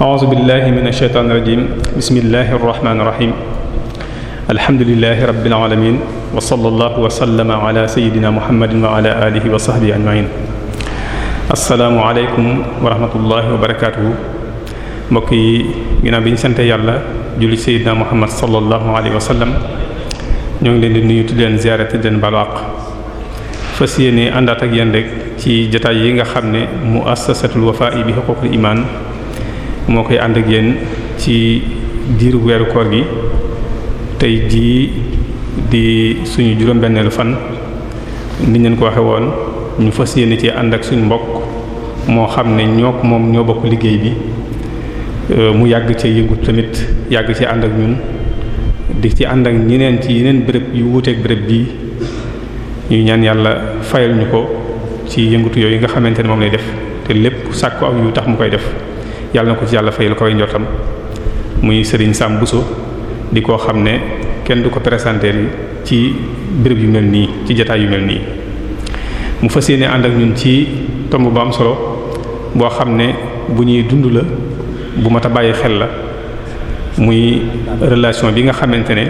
أعوذ بالله من الشيطان الرجيم بسم الله الرحمن الرحيم الحمد لله رب العالمين وصلى الله وسلم على سيدنا محمد وعلى آله وصحبه أجمعين السلام عليكم ورحمة الله وبركاته mbokk yi ginnaaw bi ñu sante yàlla julli sayyidina muhammad sallallahu alayhi wa sallam ñoo ngi leen di nuyu di leen ziyaare di leen balu àq fas yéene àndaat ak yéen rek ci jataay yi nga xam ne muassasatul wafa'i bi huquqil imaan moo koy ànd ak yéen ci diiru weeru koor gi tey jii di suñu juróom-benneelu fan ni ñu leen ko waxe woon ñu fas yéene ci ànd ak suñu mbokk moo xam ne ñoo moom ñoo bokk liggéey bi Euh, mu yàgg ci yëngu tamit yàgg ci ànd ak ñun di ci ànd ak ñeneen ci yeneen bërëb yu wuuteeg bërëb bii ñuy ñaan yàlla fayal ñu ko ci yëngutu yi nga xamante ne moom lay def te lépp sàkku ak yu tax mu koy def yàlla na ko ci yàlla fayal ko koy njottam muy sëriñ Sam Bousso di koo xam ne kenn du ko présenter ci béréb yu mel nii ci jataay yu mel nii mu fas yéene ànd ak ñun ci tomb ba am solo boo xam ne bu ñuy dund la bu mat a bàyyi xel la muy relation bi nga xamante ne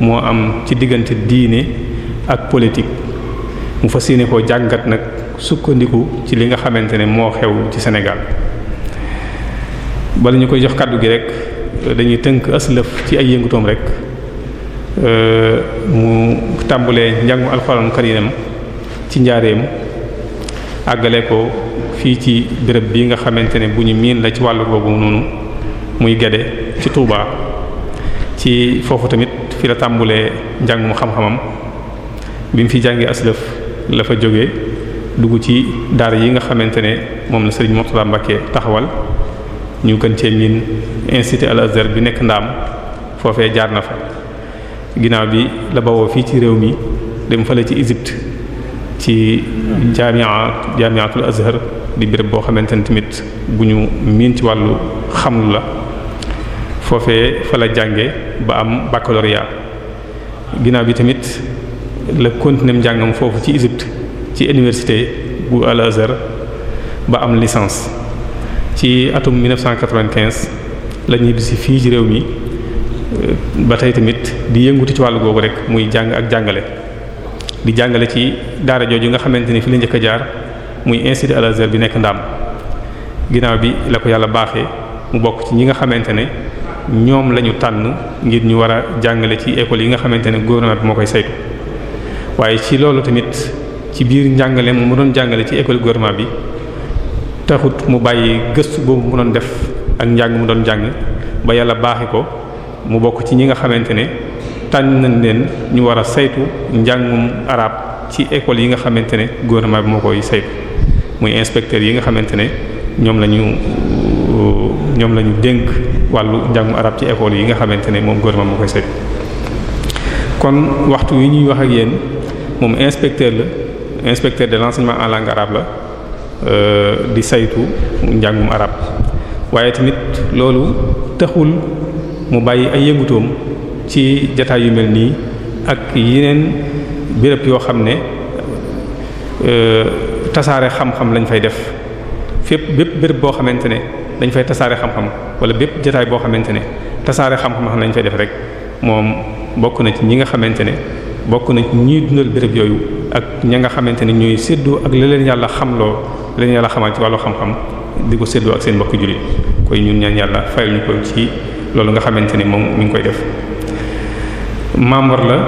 moo am ci diggante diine ak politique mu fa yéene koo jàngat nag sukkandiku ci li nga xamante ne moo xew ci senegal bala ñu koy jox kàddu gi rek dañuy tënk aslëf ci ay yëngutoom rek mu tàmbalee njàngum alxuraan karinam ci njaareem àggale ko fii ci béréb bi nga xamante ne bu ñu miin la ci wàllu boobu noonu muy Guédé ci Touba ci foofu tamit fi la tàmbulee njàng mu xam-xamam bi mu fi jàngee aslëf la fa jógee dugg ci daara yi nga xamante ne moom la Serigne Mourtada Mbacke taxawal ñu gën cee miin institut Al Azhar bi nekk ndaam foofee jaar na fa ginnaaw bi la bawoo fii ci réew mi dem fale ci Égypte ci jaami'a jaami'atul Azhar di béréb boo xamante ne tamit bu ñu miin ci wàllu xam la foofee fa la jànge ba am baccalauréat ginnaaw bi tamit la continuer njàngam foofu ci Égypte ci université bu Al-Azhar ba am licence ci atum 1995 la ñuy bisi fii ci réew mi euh, ba tey tamit di yëngutu ci wàllu googu rek muy jàng ak jàngale di jàngale ci daara jooju nga xamante ni fi la njëkk a jaar muy institut Al bi nekk ndaam ginnaaw bi la ko yàlla baaxee mu bokk ci ñi nga xamante ne ñoom la ñu tànn ngir ñu war a jàngale ci école yi nga xamante ne gouvernement bi moo koy saytu waaye ci loolu tamit ci biir njàngale mu doon jàngale ci école gouvernement bi taxut mu bàyyi gëstu boobu mu doon def ak njàng mu doon jàng ba yàlla baaxee ko mu bokk ci ñi nga xamante ne tànn nañ leen ñu war a saytu njàngum arab ci école yi nga xamante ne gouvernement bi moo koy saytu muy inspecteurs yi nga xamante ne ñoom la ñu ñoom lañu dénk wàllu njàngu arab ci école yi nga xamante ne moom gouvernement moo koy saytu kon waxtu yi ñuy wax ak yéen moom inspecteur la inspecteur de l'enseignement en langue arabe la euh, di saytu njàngum arab waaye tamit loolu taxul mu bàyyi ay yëngutoom ci jataay yu mel nii ak yeneen béréb yoo xam ne euh, tasaare xam-xam lañu fay def fépp bépp béréb boo xamante ne dañu fay tasaare xam-xam wala bépp jotaay boo xamante ne tasaare xam-xam lañ fay def rek moom bokk na ci ñi nga xamante ne bokk na ci ñiy dundal béréb yooyu ak ña nga xamante ne ñooy séddoo ak la yàlla xam la leen yàlla xamal ci wàllu xam-xam di ko séddoo ak seen mbokk jullit koy ñun ñaan yàlla fayal ñu ko ci loolu nga xamante ne moom mi ngi koy def. membre la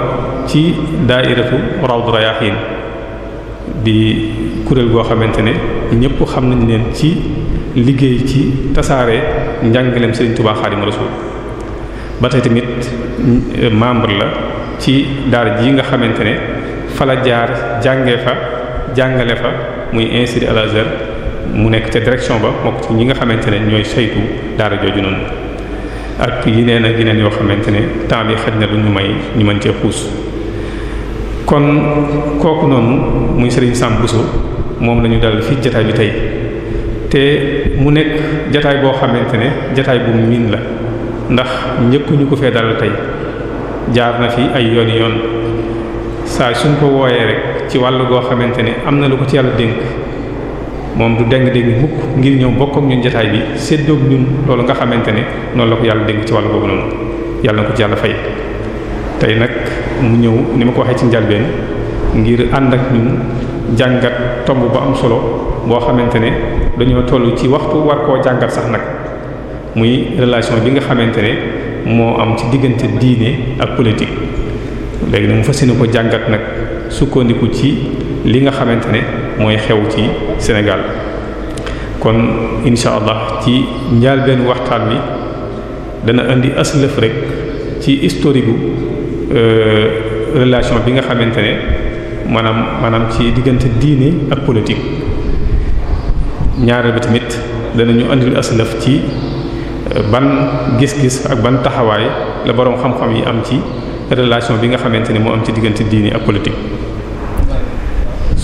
ci daairatu rawdu rayahin di kuréel goo xamante ne ñépp xam nañ leen ci liggéey ci tasaare njàngaleem Sëriñ Tuubaa Xaadimu Rasuul ba tey tamit membre la ci daara ji nga xamante ne fala jaar jàngee fa jàngale fa muy inscrit à Al mu nekk ca direction ba mook ci ñi nga xamante ne ñooy saytu daara jooju noonu ak nee ak yeneen yoo xamante ne temps yi xaj na lu ñu may ñu mën cee xuus kon kooku noonu muy sëriñ Sam Bousso moom la ñu dal fii jataay bi tey te mu nekk jataay boo xamante ne jataay bu miin la ndax njëkkuñu ko fee dal tey jaar na fi ay yoon yoon saa suñ ko wooyee rek ci wàll goo xamante ne am na lu ko ci yàlla dénk moom du dégg-dégg mukk ngir ñëw bokk ak ñun jotaay bi séddoog ñun loolu nga xamante ne noonu la ko yàlla déng ci wàll boobu noonu yàlla na ko ci yàlla fay tey nag mu ñëw ni ma ko waxee ci njalbeen ngir ànd ak ñun jàngat tomb ba am solo boo xamante ne dañoo toll ci waxtu war koo jàngat sax nag muy relation bi nga xamante ne moo am ci diggante diine ak politique léegi nag mu fas yéene ko jàngat nag sukkandiku ci li nga xamante ne. mooy xew ci Sénégal kon insha allah ci njaal benn waxtaan bi dana indi aslëf rek ci historique gu euh, relation bi nga xamante ne maanaam maanaam ci diggante diine ak politique ñaareel ba tamit danañu indil aslëf ci euh, ban gis-gis ak ban taxawaay la boroom xam-xam yi am ci relation bi nga xamante ne moo am ci diggante diine ak politique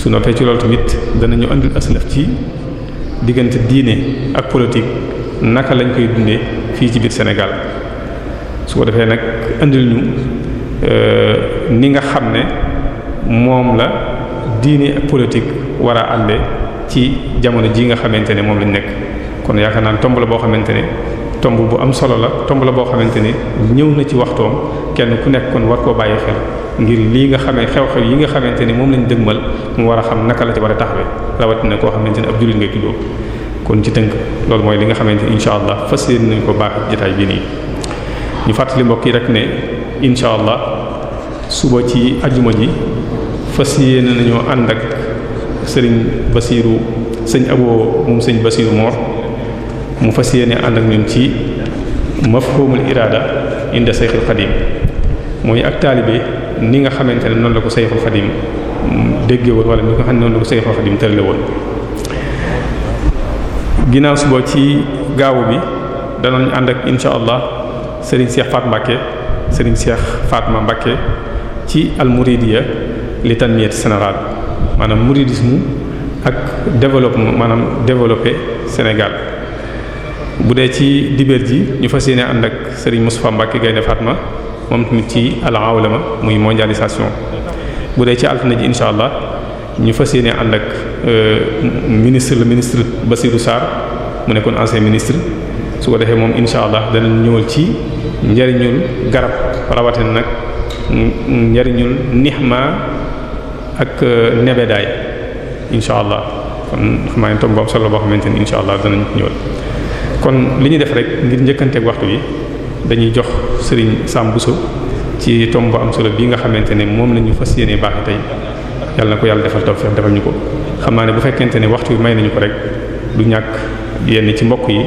su noppee ci loolu tamit danañu andil aslaf ci diggante diine ak politique naka lañ koy dundee fii ci biir Sénégal su ko defee nag andil ñu euh, ni nga xam ne moom la diine ak politique war a àndee ci jamono ji nga xamante ne moom lañ nekk kon yaakaar naa tomb la boo xamante ne tomb bu am solo la tomb la boo xamante ni ñëw na ci waxtoom kenn ku nekk kon war koo bàyyi xel ngir lii nga xamee xew-xew yi nga xamante ni moom lañu dëgmal mu war a xam naka la ci war a taxawee rawatina koo xamante ni ab jullit ngay tuddoo kon ci tënk loolu mooy li nga xamante ni incha allah fas yéene nañ ko baax jotaay bi nii. ñu fàttali mbokk yi rek ne incha allah suba ci ajuma ji fas yéene nañoo ànd ak sëriñ Basiiru sëñ Abo moom sëñ Basiiru Mor. mu fas yéene ànd ak ñun ci mafhumul iraada inda sayxul xadim mooy ak taalibe ni nga xamante ne noonu la ko sayxul xadim dégge woon wala ni nga xam ne noonu la ko sayxul xadim tërale woon ginnaaw suba ci gaawu bi danoon ànd ak insha allah sëriñ Cheikh Faat Mbàkke sëriñ Cheikh Fatma Mbàkke ci al muridiya li tanmiyat général maanaam muridisme ak développement maanaam développé Sénégal bu dee ci dibeer ji ñu fas yéene ànd ak Serigne Moustapha Mbacke Gaynde Fatma moom tamit ci al-awlama muy mondialisation bu dee ci altine ji incha allah ñu fas yéene ànd ak euh, ministre le ministre Bassirou Sarr mu nekkoon ancien ministre su ko defee moom incha allah danañ ñëwal ci njariñul garab rawatina nag njariñul nixma ak euh, nebedaay incha allah kon xam naa ne tomb bu am solo boo xamante ni incha allah danañ ñëwal. kon li ñu def rek ngir njëkkanteeg waxtu bi dañuy jox Serigne Sam Bousso ci tomb bu am solo bii nga xamante ne moom la ñu fas yéene baax tey yàlla na ko yàlla defal tawfiq defal ñu ko xam naa ne bu fekkente ne waxtu bi nañu ko rek du ñàkk yenn ci mbokk yi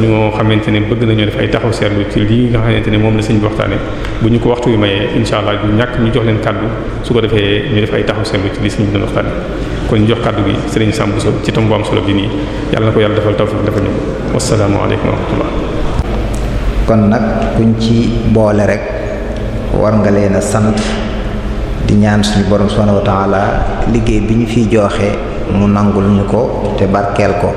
ñoo xamante ne bëgg nañoo def ay taxaw seetlu ci lii nga xamante ne moom la sëñ bi waxtaane ñu ko waxtu bi mayee incha allah du ñàkk ñu jox leen kàddu su ko defee ñu def ay taxaw seetlu ci lii sëñ bi doon waxtaane kon ñu jox kàddu gi sëriñ Sam Bousso ci tam bu am solo bi nii yàlla na ko yàlla defal tawfiq defal ñu wassalaamu aleykum wa kon nag kuñ ci boole rek war nga leen sant di ñaan suñu borom subhanahu wa liggéey bi ñu fiy jooxe mu nangul ñu ko te barkeel ko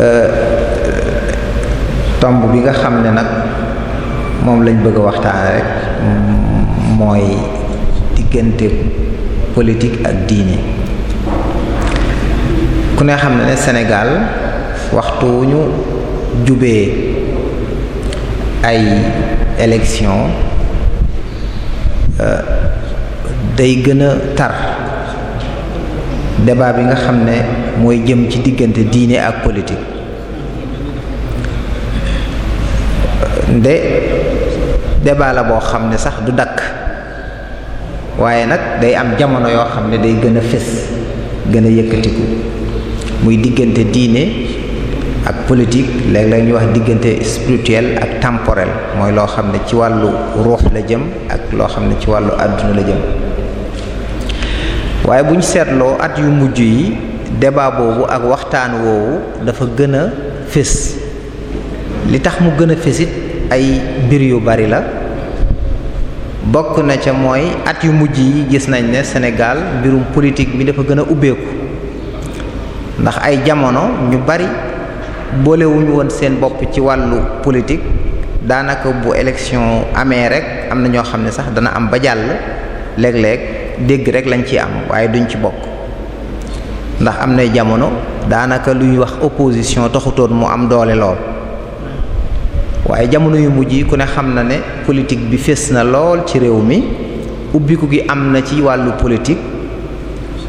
euh, tomb bi nga xam ne nag moom lañ bëgg a waxtaane rek mooy diggante politik ak diine ku ne xam ne Sénégal waxtu wu ñu jubee ay élection euh, day gën a tar débat bi nga xam ne mooy jëm ci diggante diine ak politik euh, nde débat la boo xam ne sax du dakk waaye nag day am jamono yoo xam ne day gën a fés gën a yëkkatiku muy diggante diine ak politique léeg-léeg ñu wax diggante spirituel ak temporel mooy loo xam ne ci wàllu ruux la jëm ak loo xam ne ci wàllu àdduna la jëm waaye bu ñu seetloo at yu mujj yi débat boobu ak waxtaan woowu dafa gën a fés li tax mu gën a fésit ay mbir yu bari la bokk na ca mooy at yu mujj yi gis nañ ne senegal mbirum politique bi dafa gën a ubbeeku ndax ay jamono ñu bari boolewuñu woon seen bopp ci wàllu politique daanaka bu élection amee rek am na ñoo xam ne sax dana am ba jàll léeg-léeg dégg rek lañ ci am waaye duñ ci bokk ndax am nay jamono daanaka luy wax opposition toxutoon mu am doole lool. waaye jamono yu mujj yi ku ne xam na ne politique bi fés na lool ci réew mi ubbiku gi am na ci wàllu politique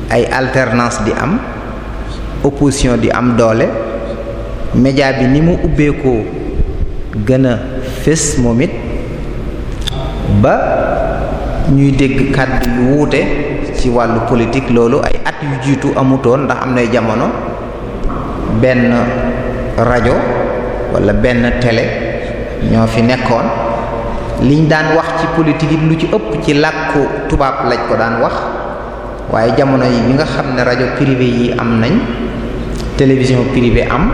ay alternance di am opposition di am doole média bi ni mu ubbeekoo gën a fés moom it ba ñuy dégg kàddu yu wuute ci wàllu politik loolu ay at yu jiitu amutoon ndax am nay jamono benn rajo walla benn télé ñoo fi nekkoon liñ daan wax ci politique lu ci ëpp ci làkku tubaab lañ ko daan wax waaye jamono yi bi nga xam ne rajo privé yi am nañ télévision privée am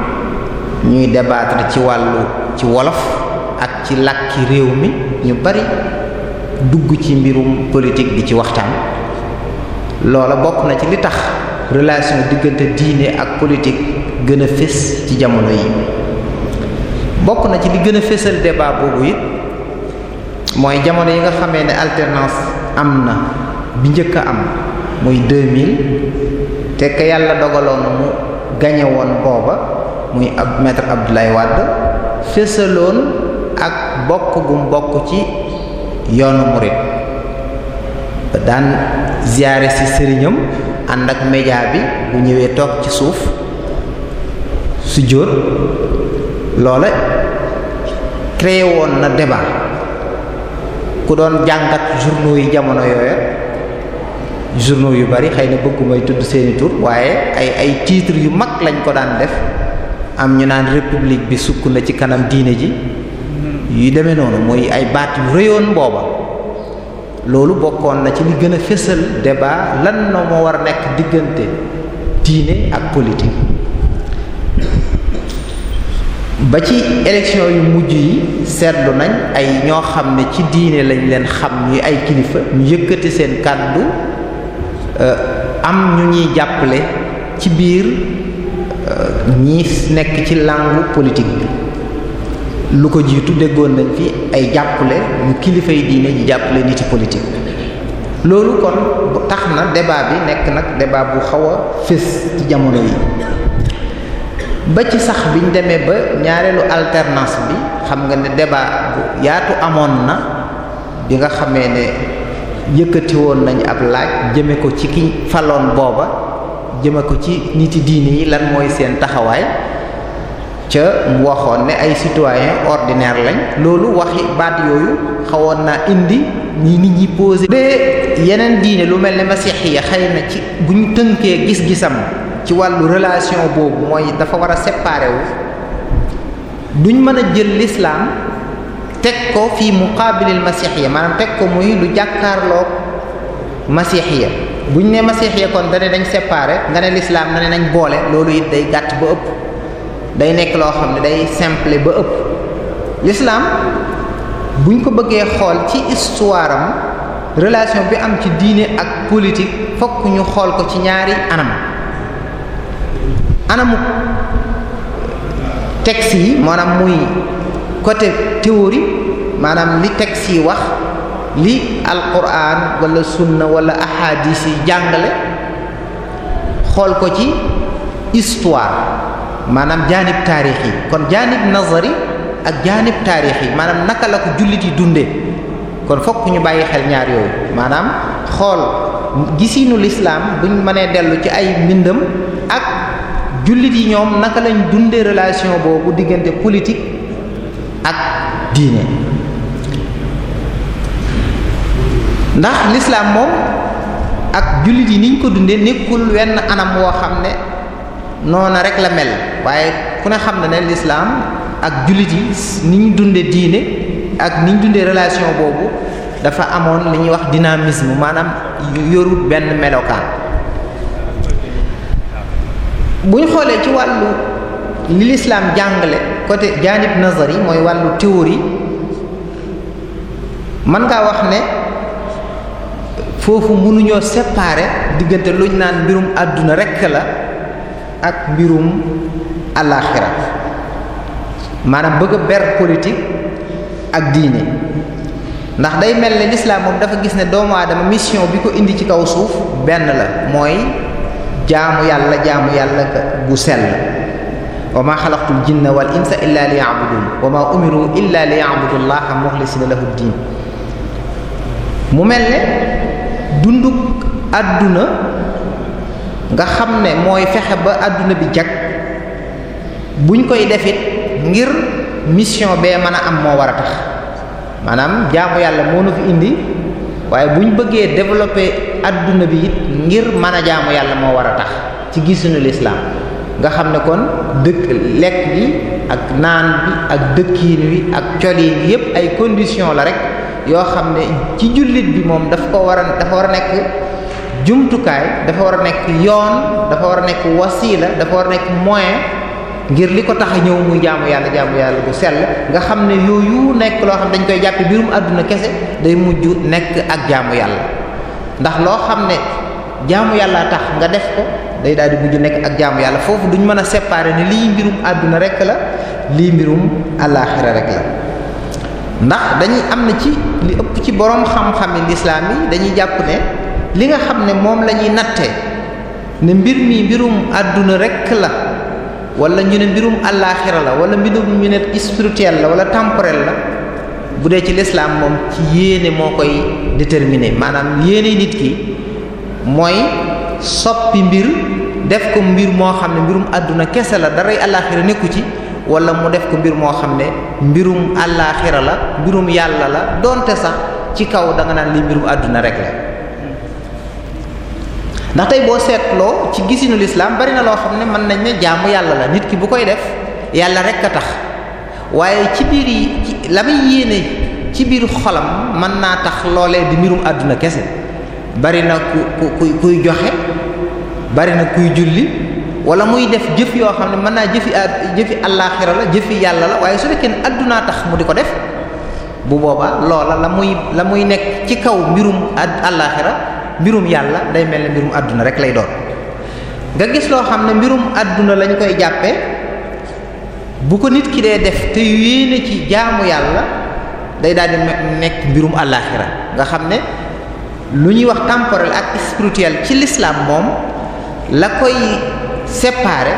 ñuy débattre ci wàllu ci wolof ak ci làkki réew mi ñu bari dugg ci mbirum politique di ci waxtaan loola bokk na ci li tax relation diggante diine ak politique gën a fés ci jamono yi bokk na ci li gën a fésal débat boobu it mooy jamono yi nga xamee ne alternance am na bi njëkk a am muy 2000 te ka yàlla dogaloon mu gañe booba muy ab maître Abdoulaye Wade fésaloon ak bokk gum bokk ci yoonu murid daan ziyaare ci sëriñam ànd ak média bi bu ñëwee toog ci suuf su jóot loola créé woon na débat ku doon jàngat journaux yi jamono yooya journaux yu bari xëy na bëggumay tudd seeni tur waaye ay ay titres yu mag lañ ko daan def am ñu naan république bi sukk na ci kanam diine ji yu demee noonu mooy ay baat yu rëyoon booba loolu bokkoon na ci li gën a fésal lan na moo war a nekk diggante diine ak politique ba ci élection yu mujj yi seetlu nañ ay ñoo xam ne ci diine lañ leen xam ñuy ay kilifa ñu yëkkati seen kàddu euh, am ñu ñuy jàppale ci biir euh, ñi nekk ci langue politique bi lu ko jiitu déggoon nañ fi ay jàppale ñu kilifa yi diine ji jàppale niti politique loolu kon tax na débat bi nekk nag débat bu xaw a fés ci jamono yi ba ci sax biñ demee ba ñaareelu alternance bi xam nga ne débat bu yaatu amoon na bi nga xamee ne yëkkati woon nañu ab laaj jëme ko ci ki faloon booba jëme ko ci niti diine yi lan mooy seen taxawaay ca mu waxoon ne ay citoyen ordinaire lañ loolu waxi baat yooyu xawoon naa indi ñi nit ñi posé. bee yeneen diine lu mel ne masiix ya xëy na ci bu ñu tënkee gis-gisam ci wàllu relation boobu mooy dafa war a séparé wu duñ mën a jël lislaam teg ko fii muqaabilil masixiya maanaam teg ko muy lu jàkkaarloog masixiya buñ ne masixiya kon da ne dañ séparé nga ne lislaam nga ne nañ boole loolu it day gàtt ba ëpp day nekk loo xam ne day simple ba ëpp lislaam buñ ko bëggee xool ci histoire am relation bi am ci diine ak politique fokk ñu xool ko ci ñaari anam anamu texte maanaam muy côté théorie maanaam li texte yi wax li alquran walla sunna wala ahadis yi jàngale xool ko ci histoire maanaam jaanib taarix yi kon jaanib nazari ak jaanib taarix yi maanaam naka la ko jullit yi dunde kon fokk ñu bàyyi xel ñaar yooyu maanaam xool gisiinu lislaam buñ mënee dellu ci ay mbindam ak jullit yi ñoom naka lañ dundee relation boobu diggante politique ak diine ndax l'islam moom ak jullit yi niñ ko dundee nekkul wenn anam woo xam ne noona rek la mel waaye ku ne xam na ne l'islam ak jullit yi ni ñu dundee diine ak ni ñu dundee relation boobu dafa amoon li ñuy wax dynamisme maanaam yorut benn melokaan bu ñu xoolee ci wàllu li lislaam jàngale côté janib nazari mooy wàllu théorie mën ngaa wax ne foofu mënuñoo séparer diggante lu ñu naan mbirum àdduna rekk la ak mbirum àllaaxira maanaam bëgg a ber politique ak diine ndax day mel ne lislaam moom dafa gis ne doomu aadama mission bi ko indi ci kaw suuf benn la mooy jaamu yàlla jaamu yàlla gu sell wa ma xalaqtul jinna wal insa illa li yabudun wa ma umiru illa li yabudullaha muxlisina lahu diin mu mel ne dunduk àdduna nga xam ne mooy fexe ba àdduna bi jag buñ koy defit ngir mission bee mën a am moo war a tax maanaam jaamu yàlla moo nu fi indi waaye bu ñu bëggee développer adduna bi it ngir mën a jaamu yàlla moo war a tax ci gisuñu lislaam nga xam ne kon dëkk lekk bi ak naan bi ak dëkkiin wi ak coliin yépp ay condition la rek yoo xam ne ci jullit bi moom daf ko war a dafa war a nekk jumtukaay dafa war a nekk yoon dafa war a nekk wasiila dafa war a nekk moyen ngir li ko tax ñëw muy jaamu yàlla jaamu yàlla bu sell nga xam ne yooyu nekk loo xam ne dañ koy jàppe birum àdduna kese day mujj nekk ak jaamu yàlla ndax loo xam ne jaamu yàlla tax nga def ko day daal di mujj nekk ak jaamu yàlla foofu duñ mën a séparer ne lii mbirum àdduna rek la lii mbirum àllaaxira rek la ndax dañuy am na ci li ëpp ci borom xam-xami lislaam yi dañuy jàpp ne li nga xam ne moom la ñuy nattee ne mbir mi mbirum àdduna rekk la wala ñu ne mbirum àllaaxira la wala mbirum ñu ne spirituel la wala temporel la bu dee ci lislaam moom ci yéene moo koy déterminer maanaam yéene nit ki mooy soppi mbir def ko mbir moo xam ne mbirum àdduna kese la daray àllaaxira nekku ci wala mu def ko mbir moo xam ne mbirum àllaaxira la mbirum yàlla la donte sax ci kaw da nga naan li mbirum àdduna rek la ndax tey boo seetloo ci gisinu lislaam bari na loo xam ne mën nañ ne jaamu yàlla la nit ki bu koy def yàlla rek a tax waaye ci biir yi ci la muy yéene ci biir xolam mën naa tax loolee di mbirum àdduna kese bari na ku ku kuy joxe bari na kuy julli wala muy def jëf yoo xam ne mën naa jëfi jëfi àllaaxira la jëfi yàlla la waaye su fekkee ne àddunaa tax mu di ko def bu booba loola la muy la muy nekk ci kaw mbirum àllaaxira mbirum yàlla day mel ne mbirum àdduna rek lay doon nga gis loo xam ne mbirum àdduna lañ koy jàppe bu ko nit ki dee def te yéene ci jaamu yàlla day daal di nekk mbirum àllaaxira nga xam ne lu ñuy wax temporel ak spirituel ci lislaam moom la koy séparer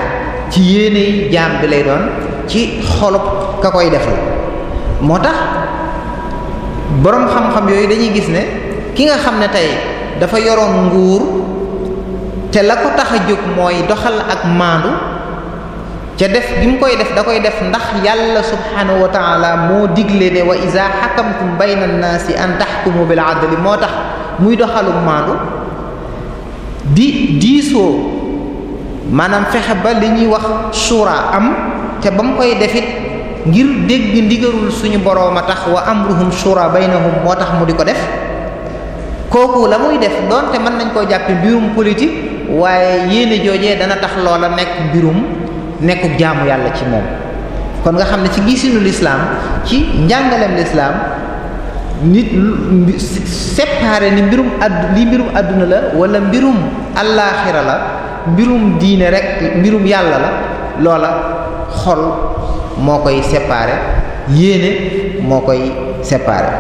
ci yéene jaam bi lay doon ci xolub ka koy defal moo tax boroom xam-xam yooyu dañuy gis ne ki nga xam ne tey dafa yoroon nguur te la ko tax a jóg mooy doxal ak maandu ca def bi mu koy def da koy def ndax yàlla subhanahu wa taala moo digle ne wa iza xakamtum bayna annaasi an bila bil adli moo tax muy doxalu maandu di diisoo maanaam fexe ba li ñuy wax suura am te ba mu koy defit ngir dégg ndigalul suñu boroom a tax wa amruhum suura baynahum moo tax mu di ko def kooku la muy def doonte mën nañ koo jàppi mbirum politique waaye yéene joojee dana tax loola nekk mbirum nekkub jaamu yàlla ci moom kon nga xam ne ci gisinu lislaam ci njàngaleem lislaam nit lu ni mbirum add mbirum àdduna la walla mbirum allaaxira la mbirum diine rek mbirum yàlla la loola xol moo koy séparé yéene moo koy séparé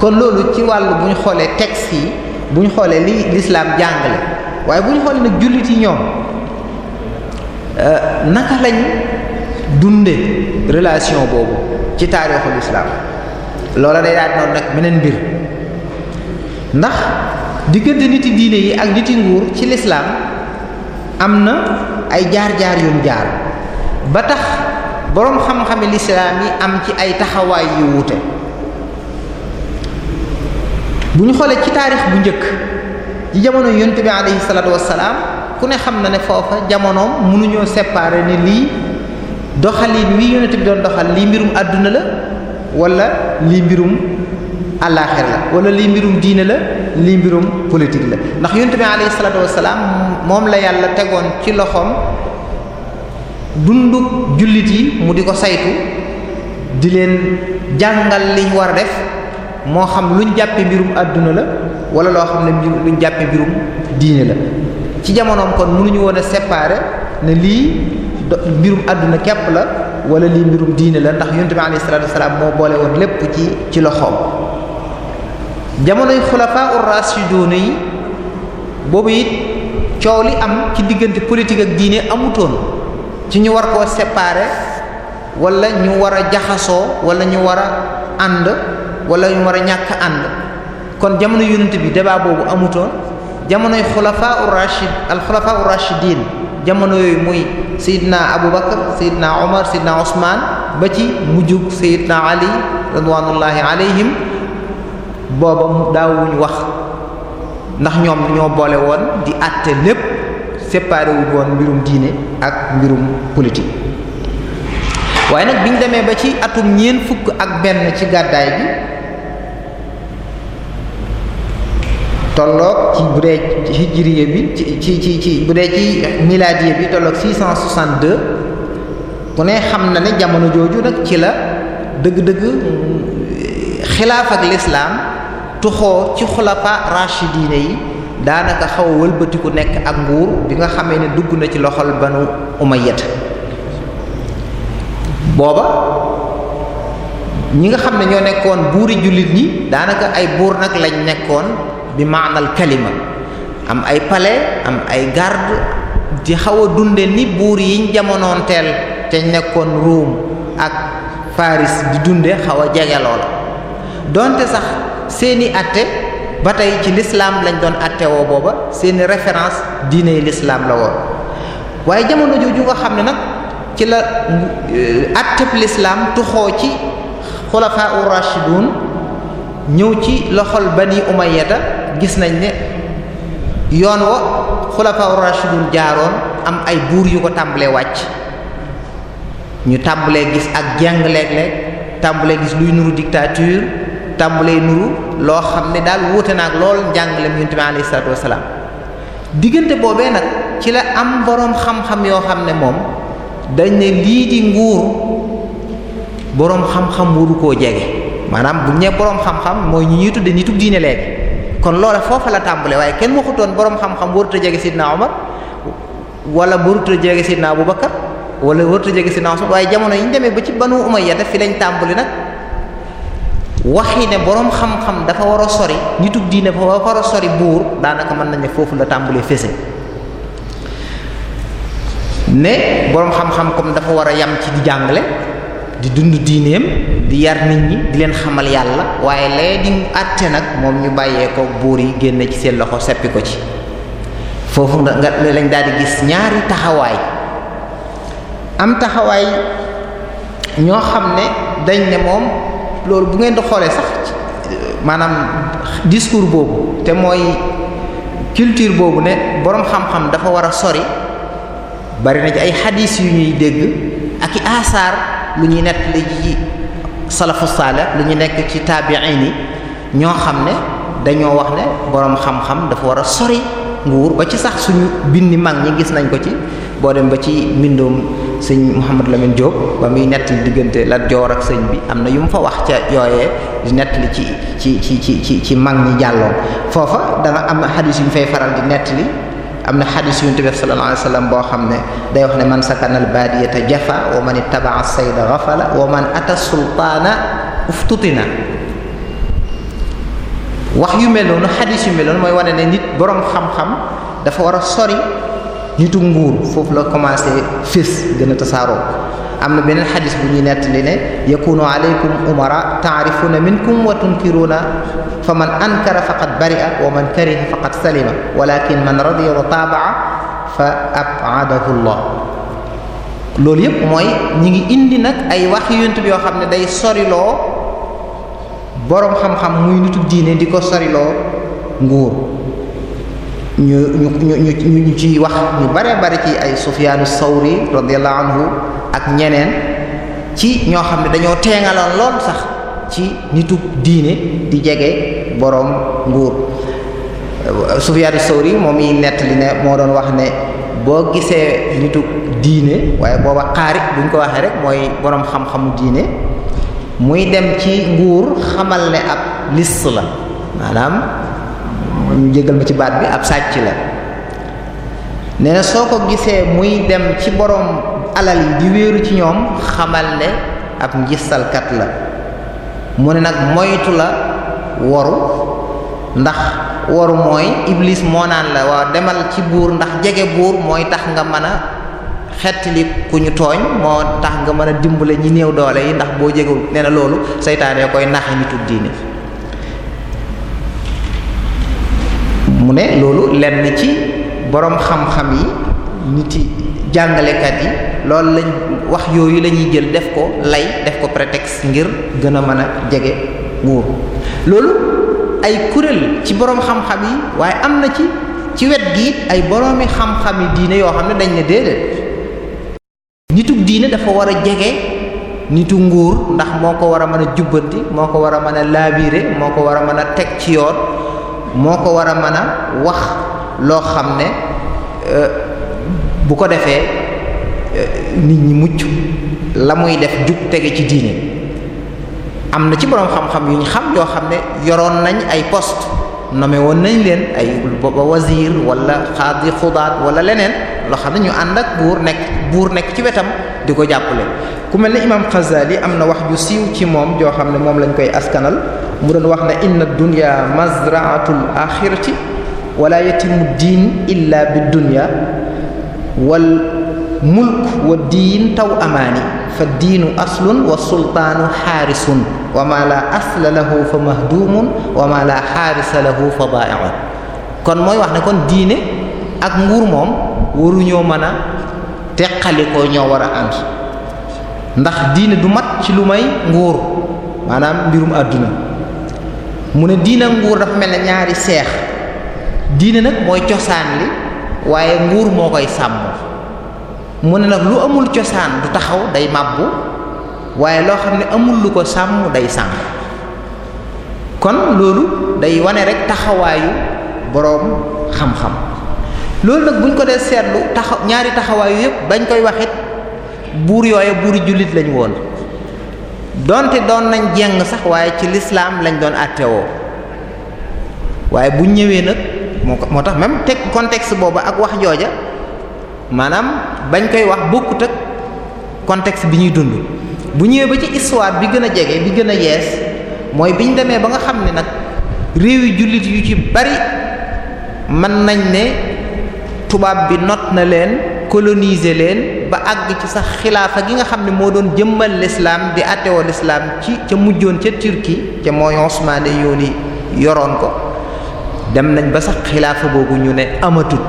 kon loolu ci wàllu bu xoolee texte yi bu xoolee li lislaam jàngale waaye buñ ñu xoolee nag jullit yi ñoom euh, naka lañu dunde relation boobu ci taarixul islaam loola day daal nag meneen mbir ndax diggante niti diine yi ak niti nguur ci lislaam am na ay jaar-jaar yum jaar ba tax boroom xam-xami lislaam yi am ci ay taxawaay yu wuute bu ñu xoolee ci taarix bu njëkk ci jamono yonent bi alayhi salaatu wassalaam ku ne xam na ne foofa jamonoom mënuñoo séparer ne lii doxalin wi yonent bi doon doxal lii mbirum àdduna la walla lii mbirum àllaaxir la wala lii mbirum diine la lii mbirum politique la ndax yonent bi alayhi salaatu wassalaam moom la yàlla tegoon ci loxoom dundu jullit yi mu di ko saytu di leen jàngal liñ war a def moo xam luñ jàppe mbirum àdduna la wala loo xam ne luñ jàppe mbirum diine la ci jamonoom kon mënuñu woon a séparer ne lii mbirum àdduna képp la wala lii mbirum diine la ndax yonent bi alayhi salaatu wasalaam moo boole woon lépp ci ci loxoom jamonoy xulafaa ur rashidun yi boobu it coow li am ci diggante politique ak diine amutoon ci ñu war koo séparer wala ñu war a jaxasoo walla ñu war a ànd wala ñu war a ñàkk ànd kon jamono yonent bi débat boobu amutoon jamonoy xulafaa urrashid al xulafaa urrashidin jamono yooyu muy sayidna abubakar sayidna omar sayidna osman ba ci mujjug sayidna ali radwanullahi alayhim booba daawuñu wax ndax ñoom ñoo boole woon di àtte lépp séparé wu woon mbirum diine ak mbirum politique waaye nag bi ñu demee ba ci atum ñeent fukk ak benn ci gàddaay gi tolloog ci bu dee ci bi ci ci ci ci bu dee ci milaadiye bi tolloog 662 ku ne xam na ne jamono jooju nag ci la dëgg-dëgg xilaaf ak lislaam tuxoo ci xulafa rashidine yi daanaka xaw wëlbatiku nekk ak nguur bi nga xamee ne dugg na ci loxol banu umayyat booba ñi nga xam ne ñoo nekkoon buuri jullit ñi daanaka ay buur nag lañ nekkoon bi maanal kalima am ay pale am ay garde di xaw a dunde ni buur yiñ jamonoon teel nekkoon Ruum ak Faris di dunde xaw a jege loola donte sax seeni atte ba tey ci lislaam lañ doon atte woo booba seeni référence diiney lislaam la woon waaye jamono jooju nga xam ne nag ci la euh, atteb lislaam tuxoo ci xulafaa u ñëw ci loxol bani umayyata gis nañ ne yoon wa xulafaa u rashidun jaaroon am ay buur yu ko tàmbalee wàcc ñu tàmbalee gis ak jàng léeg-léeg tàmbalee gis luy nuru dictature tàmbalee nuru loo xam ne daal wuute na ak lool njàngaleem yonent bi alayhi salaatu wassalaam diggante boobee nag ci la am boroom xam-xam yoo xam ne moom dañ ne lii di nguur boroom xam-xam waru koo jege maanaam bu ñu boroom xam-xam mooy ñu ñuy tudde nitu diine léegi kon loola foofa la tàmbale waaye kenn waxutoon boroom xam-xam warut a jege Sidna Omar wala warut a jege Sidna Abubakar wala warut a jege waaye jamono yi demee ba ci Banu Umayya daf fi lañ tàmbali nag waxi ne boroom xam-xam dafa war a sori nitu diine dafa war a sori buur daanaka mën nañ ne foofu la tàmbalee fese. ne boroom xam-xam comme dafa war a yam ci di jàngale di dund diineem di yar nit ñi di leen xamal yàlla waaye lay di àtte nag moom ñu bàyyee buur yi génn ci seen loxo seppi ko ci foofu nga lañ daal di gis ñaari taxawaay am taxawaay ñoo xam ne dañ ne moom loolu bu ngeen di xoolee sax maanaam discours boobu te mooy culture boobu ne boroom xam-xam dafa war a sori bari na ci ay xadis yu ñuy dégg ak i asaar lu ñuy nekk li ci salafu saalih lu ñu nekk ci taabiin yi ñoo xam ne dañoo wax ne boroom xam-xam dafa war a sori nguur ba ci sax suñu bindi mag ñi gis nañ ko ci boo dem ba ci mbindoom sëñ Mouhamadou Lamine Diop ba muy nettali diggante la Joor ak sëñ bi am na yu mu fa wax ca yooyee di nettali ci ci ci ci ci ci mag ñi jàlloon foofa dana am xadiis yu ñu fay faral di nettali am na xadis yuntu bi sallallahu alayhi wa sallam boo xam ne day wax ne man sakanal baadiyata jafa wa man itabaa sayda gafala wa man ata sultaana uftutina wax yu mel noonu xadis yu mel noonu mooy wane ne nit boroom xam-xam dafa war a sori nitu nguur foofu la commencé fés gën a am na beneen xadis bu ñuy nettali ne yakunu aleykum umara taarifuuna minkum wa tunkiruuna fa man ankara faqad bari'a wa man kariha faqad salima walakin man radiya wa taabaa fa abadahu llah loolu yépp mooy ñi ngi indi nag ay wax yunt bi yoo xam ne day soriloo boroom xam-xam muy nitu diine di ko soriloo nguur ñu ñu ñu ñu ñu ciy wax ñu bare bare ci ay Sufyaanu Sawri radiyallahu anhu ak ñeneen ci ñoo xam ne dañoo teengaloon lool sax ci nitu diine di jege boroom nguur Sufyaanu Sawri moom yi nettali ne moo doon wax ne boo gisee nitu diine waaye booba xaari buñ ko waxee rek mooy boroom xam-xamu diine muy dem ci nguur xamal ne ab liste la maanaam ñu jégal ma ci baat bi ab sàcc la nee na soo ko gisee muy dem ci boroom alal yi di wéeru ci ñoom xamal ne ab ngistalkat la mu ne nag moytu la waru ndax waru mooy ibliis moo naan la waaw demal ci buur ndax jege buur mooy tax nga mën a xettali ku ñu tooñ moo tax nga mën a dimbale ñi néew doole yi ndax boo jegewul nee na loolu seytaane koy naxe nitu diine mu ne loolu lenn ci boroom xam-xam yi nit yi jàngalekat yi loolu lañ wax yooyu lañuy jël def ko lay def ko prétexte ngir gën a mën a jege nguur loolu ay kuréel ci boroom xam-xam yi waaye am na ci ci wet gi ay boroomi xam-xam yi diine yoo xam ne dañ ne déedéet nituk diine dafa war a jege. nitu nguur ndax moo ko war a mën a jubbanti moo ko war a mën a laabiire moo ko war a mën a teg ci yoon moo ko war a mën a wax loo xam ne euh, bu ko defee euh, nit ñi mucc la muy def jub tege ci diine am na ci boroom xam-xam yu ñu xam yoo xam ne yoroon nañ ay poste nome woon nañ leen ay booba wazir wala xaadi xudaat wala leneen loo xam ñu ànd ak buur nekk buur nekk ci wetam di ko jàppale ku mel ne imaam Xazaali am na wax ju siiw ci moom joo xam ne moom lañu koy askanal mu doon wax ne inna dunya mazraatul axirati wala yatimu diin illa bi dunya wal mulk wa diin taw amaani fa diinu aslun wa sultaanu xaarisun wa ma la asla lahu fa mahdumun wa ma xaarisa lahu fa baaiun kon mooy wax ne kon diine ak nguur moom waruñoo mën a teqali ko ñoo war a ànd ndax diine du mat ci lu may nguur maanaam mbirum àdduna mu ne diine nguur dafa mel ne ñaari seex diine nag mooy cosaan li waaye nguur moo koy sàmm mu ne nag lu amul cosaan du taxaw day màbbu waaye loo xam ne amul lu ko sàmm day sàmm kon loolu day wane rek taxawaayu boroom xam-xam loolu nag buñ ko dee seetlu taxaw ñaari taxawaayu yépp bañ koy waxit buur yooye buur jullit lañ woon donte doon nañ jeng sax waaye ci lislaam lañ doon àttewoo waaye bu ñëwee nag moo moo tax même teg contexte booba ak wax jooja maanaam bañ koy wax bokkut ak contexte bi ñuy dund bu ñëwee ba ci histoire bi gën a jege bi gën a yees mooy biñ demee ba nga xam ni nag réew yi jullit yu ci bari mën nañ ne tubaab bi nott na leen coloniser leen ba àgg ci sax xilaafa gi nga xam ne moo doon jëmmal lislaam di atewoo lislaam ci ca mujjoon ca Turquie ca mooy Osmane yoon yi yoroon ko dem nañ ba sax xilaafa boobu ñu ne amatut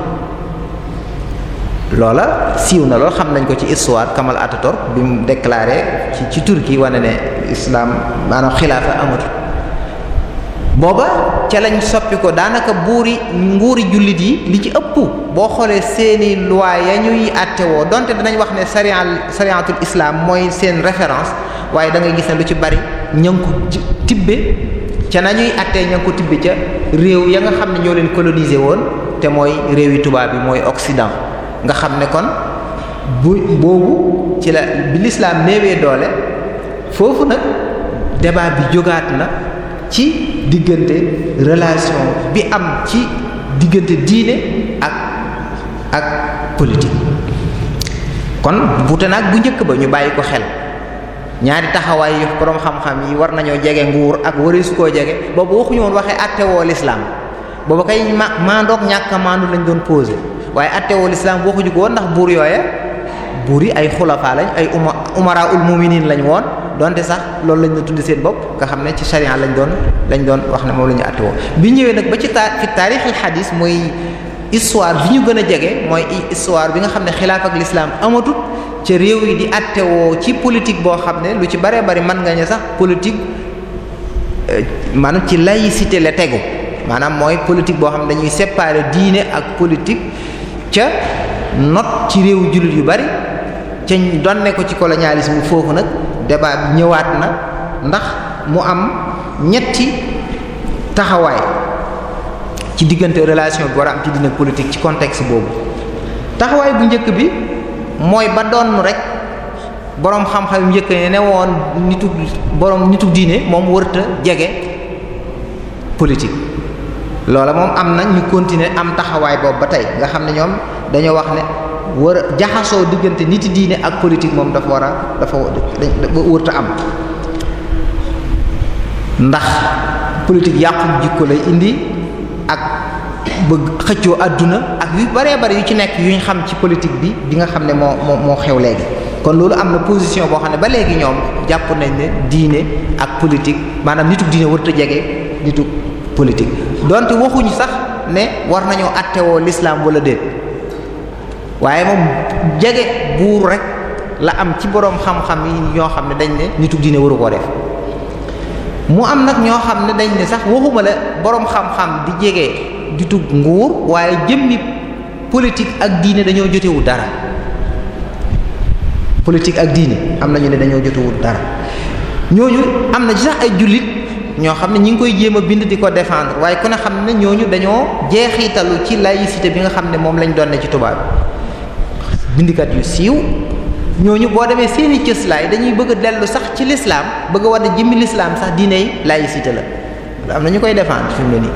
loola siiw na lool xam nañ ko ci histoire Kamal Atatürk bi mu déclaré ci ci Turquie wane ne islam maanaam xilaafa amatu booba ca lañ soppi ko daanaka buuri nguuri jullit yi li ci ëpp boo xoolee seeni loi ya ñuy àttewoo donte danañu wax ne sariya sariyatul islam mooy seen référence waaye da ngay gis ne lu ci bari ña ko tibbe ca nañuy àttee ña ngi tibbe ca réew ya nga xam ne ñoo leen colonisé woon te mooy réew yi tubaab bi mooy oxident nga xam ne kon bu boobu ci la bi lislaam néewee doole foofu nag débat bi jógaat na ci diggante relation bi am ci diggante diine ak ak politique kon wuute nag bu njëkk ba ñu bàyyi ko xel ñaari taxawaay yi boroom xam-xam yi war nañoo jege nguur ak wareesu koo jege boobu waxuñu woon waxee àttewoo lislaam booba kay ma maandoog ñàkk a maandu lañ doon posé waaye attewul islam boo ko woon ndax buur yooya buur yi ay xulafaa lañ ay uma umaraa ul muminin lañ woon donte sax loolu lañ la tudd seen bopp nga xam ne ci sharia lañ doon lañ doon wax ne moom la ñu woo bi ñëwee nag ba ci ta fi taarixil xadis mooy histoire bi ñu gën a jege mooy histoire bi nga xam ne xilaaf ak lislaam amatut ca réew yi di attewoo ci politique boo xam ne lu ci bare bari mën nga ñu sax politique euh, maanaam ci laïcité la tegu maanaam mooy politique boo xam ne dañuy séparer diine ak politique ca not ci réew jullit yu bari ca donne ko ci colonialisme foofu nag débat ñëwaat na ndax mu am ñetti taxawaay ci diggante relation bi war a am ci diine politique ci contexte boobu taxawaay bu njëkk bi mooy ba doon rek boroom xam-xam njëkk ne ne woon nitu boroom nitu diine moom wërta jege politique loola moom am na ñu continuer am taxawaay boobu ba tey nga xam ne ñoom dañoo wax ne war a jaxasoo diggante niti diine ak politique moom dafa war a dafa wërta am ndax politique yàqu jikko lay indi ak bëgg xëccoo àdduna ak yu baree bari yu ci nekk yuñ xam ci politique bi bi nga xam ne moo moo moo xew léegi kon loolu am na position boo xam ne ba léegi ñoom jàpp nañ ne diine ak politique maanaam nitu diine wërta jege nitu politique donte waxuñu sax ne war nañoo attewoo lislaam wala déet waaye moom jege buur rek la am ci boroom xam-xam yi ñoo xam ne dañ ne nitu diine waru koo def mu am nag ñoo xam ne dañ ne sax waxuma la boroom xam-xam di jege di tug nguur waaye jëmmi politique ak diine dañoo jotewu dara politique ak diine am nañu ne dañoo jotewul dara ñooñu am na ci sax ay jullit ñoo xam ne ñi ngi koy jéem a bind di ko défendre waaye ku ne xam ne ñooñu dañoo jeexitalu ci laïcité bi nga xam ne moom lañ doon ne ci tubaab bindikat yu siiw ñooñu boo demee seeni cëslaay dañuy bëgg a dellu sax ci lislaam bëgg a war a jëmmi lislaam sax diiney laïcité la am na ñu koy défendre fi ne nii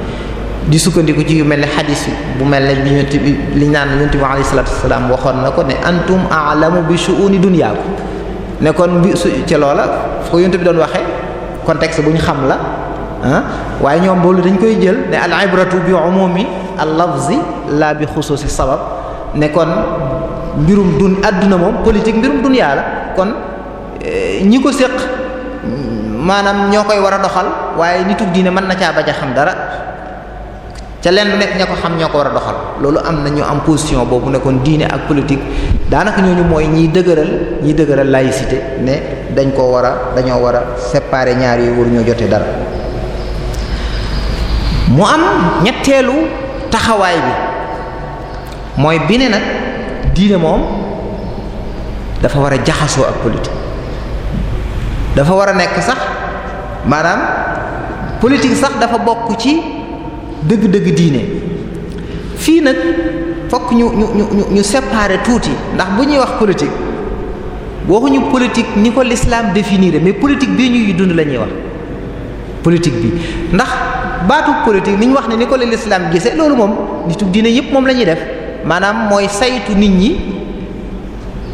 di sukkandiku ci yu mel ni xadis yi bu mel ne li yonent bi li naan yonent bi alayhi salaatu wasalaam waxoon na ko ne antum a'lamu bi shu'uni dunyaakum ne kon bi su ca loola fu ko yonent bi doon waxee contexte bu ñu xam la ah waaye ñoo mboolu dañ koy jël ne al ibratu bi umumi al lafzi la bi xususi sabab ne kon mbirum dun àdduna moom politique mbirum dunyaa yàlla kon eh, ñi ko séq maanaam ñoo koy war a doxal waaye nitu diine mën na caa bañ a xam dara ca leen lu nekk ña ko xam ñoo ko war a doxal loolu am na ñu am position boobu nekkoon diine ak politique daanaka ñooñu mooy ñiy dëgëral ñiy dëgëral laïcité ne dañ koo war a dañoo war a séparer ñaar yooyu waru ñoo jotee dara mu am ñetteelu taxawaay bi mooy bi ne nag diine moom dafa war a jaxasoo ak politique dafa war a nekk sax maanaam politique sax dafa bokk ci dëgg-dëgg diine fii nag fokk ñu ñu ñu ñu séparer tuuti ndax bu ñuy wax politique waxuñu politique ni ko l'islam définir mais politique bii ñuy dund la ñuy wax politique bi ndax baatu politique ni ñu wax ne ni ko la l'islam gisee loolu moom nitu diine yépp moom la ñuy def maanaam mooy saytu nit ñi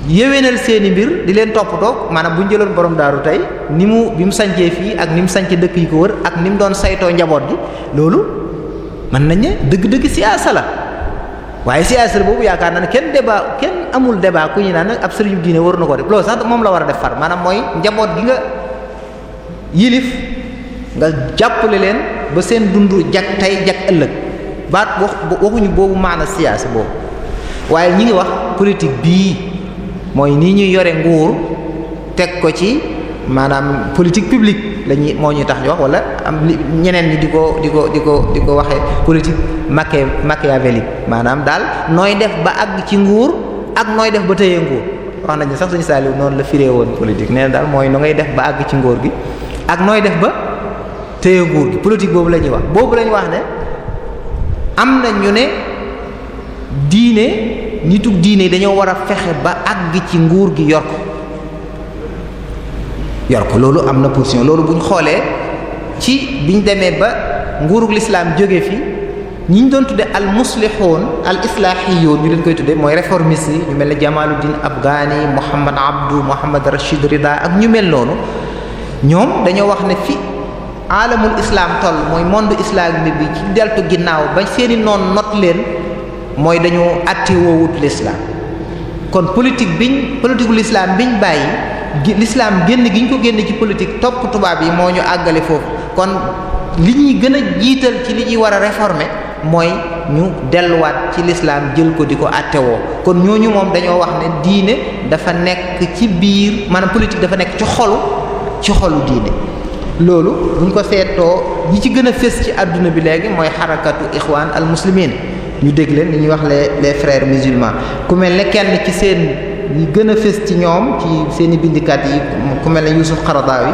yéwénal seeni mbir di leen toppatoo maanaam bu ñu jëloon borom daaru tey ni mu bi mu sancee fii ak ni mu sancee dëkk yi ko wër ak ni mu doon saytoo njaboot gi loolu mën nañ ne dëgg-dëgg siyaasa la waaye siyaasa boobu yaakaar na ne kenn débat kenn amul débat ku ñu naan nag ab sëriñu diine war na ko def loolu sax moom la war a def far maanaam mooy njaboot gi nga yilif nga jàppale leen ba seen dundu jag tey jag ëllëg baat waxuñu boobu maana siyaasa boobu waaye ñi ngi wax politique bii mooy nii ñuy yore nguur teg ko ci maanaam politique publique lañuy moo ñuy tax ñu wax wala am ñeneen ñi di ko di ko di ko di ko waxee politique maché machiavélique maanaam daal nooy def ba àgg ci nguur ak nooy def ba tëye nguur wax nañ sax suñu noonu la firée woon politique nee daal mooy nu ngay def ba àgg ci nguur gi ak nooy def ba tëye nguur gi politique boobu la ñuy wax boobu la wax ne am na ñu ne diine nitug diine dañoo war a fexe ba àgg ci nguur gi yor yor ko loolu am na position loolu bu ñu xoolee ci bi demee ba nguurug lislaam jóge fi ñi ñu doon tudde al muslihoon al islaahiyoon ñu leen koy tudde mooy réformiste yi ñu mel ne Jamaluddin Afghani Mohammad Abdou Mohammad Rachid Rida ak ñu mel noonu ñoom dañoo wax ne fi alamul islaam toll mooy monde islamique bi ci deltu ginnaaw ba seeni noon not leen mooy dañoo àtte woowut l'islam kon politique biñ politique l'islam biñ bàyyi lislaam génn gi ñu ko génn ci politique topp tubaab yi moo ñu àggale foofu kon li ñuy gën a jiital ci li ñuy war a réformer mooy ñu delluwaat ci lislaam jël ko di ko àttewoo kon ñooñu moom dañoo wax ne diine dafa nekk ci biir maanaam politique dafa nekk ci xolu ci xolu diine loolu buñ ko seetoo ñi ci gën a fés ci àdduna bi léegi mooy xarakatu ixwaan al muslimin ñu dégg leen li ñuy wax les les frères musulmans ku mel ne kenn ci seen yi gën a fés ci ñoom ci seeni i bindikat yi ku mel na ne Yusuf Qaradawi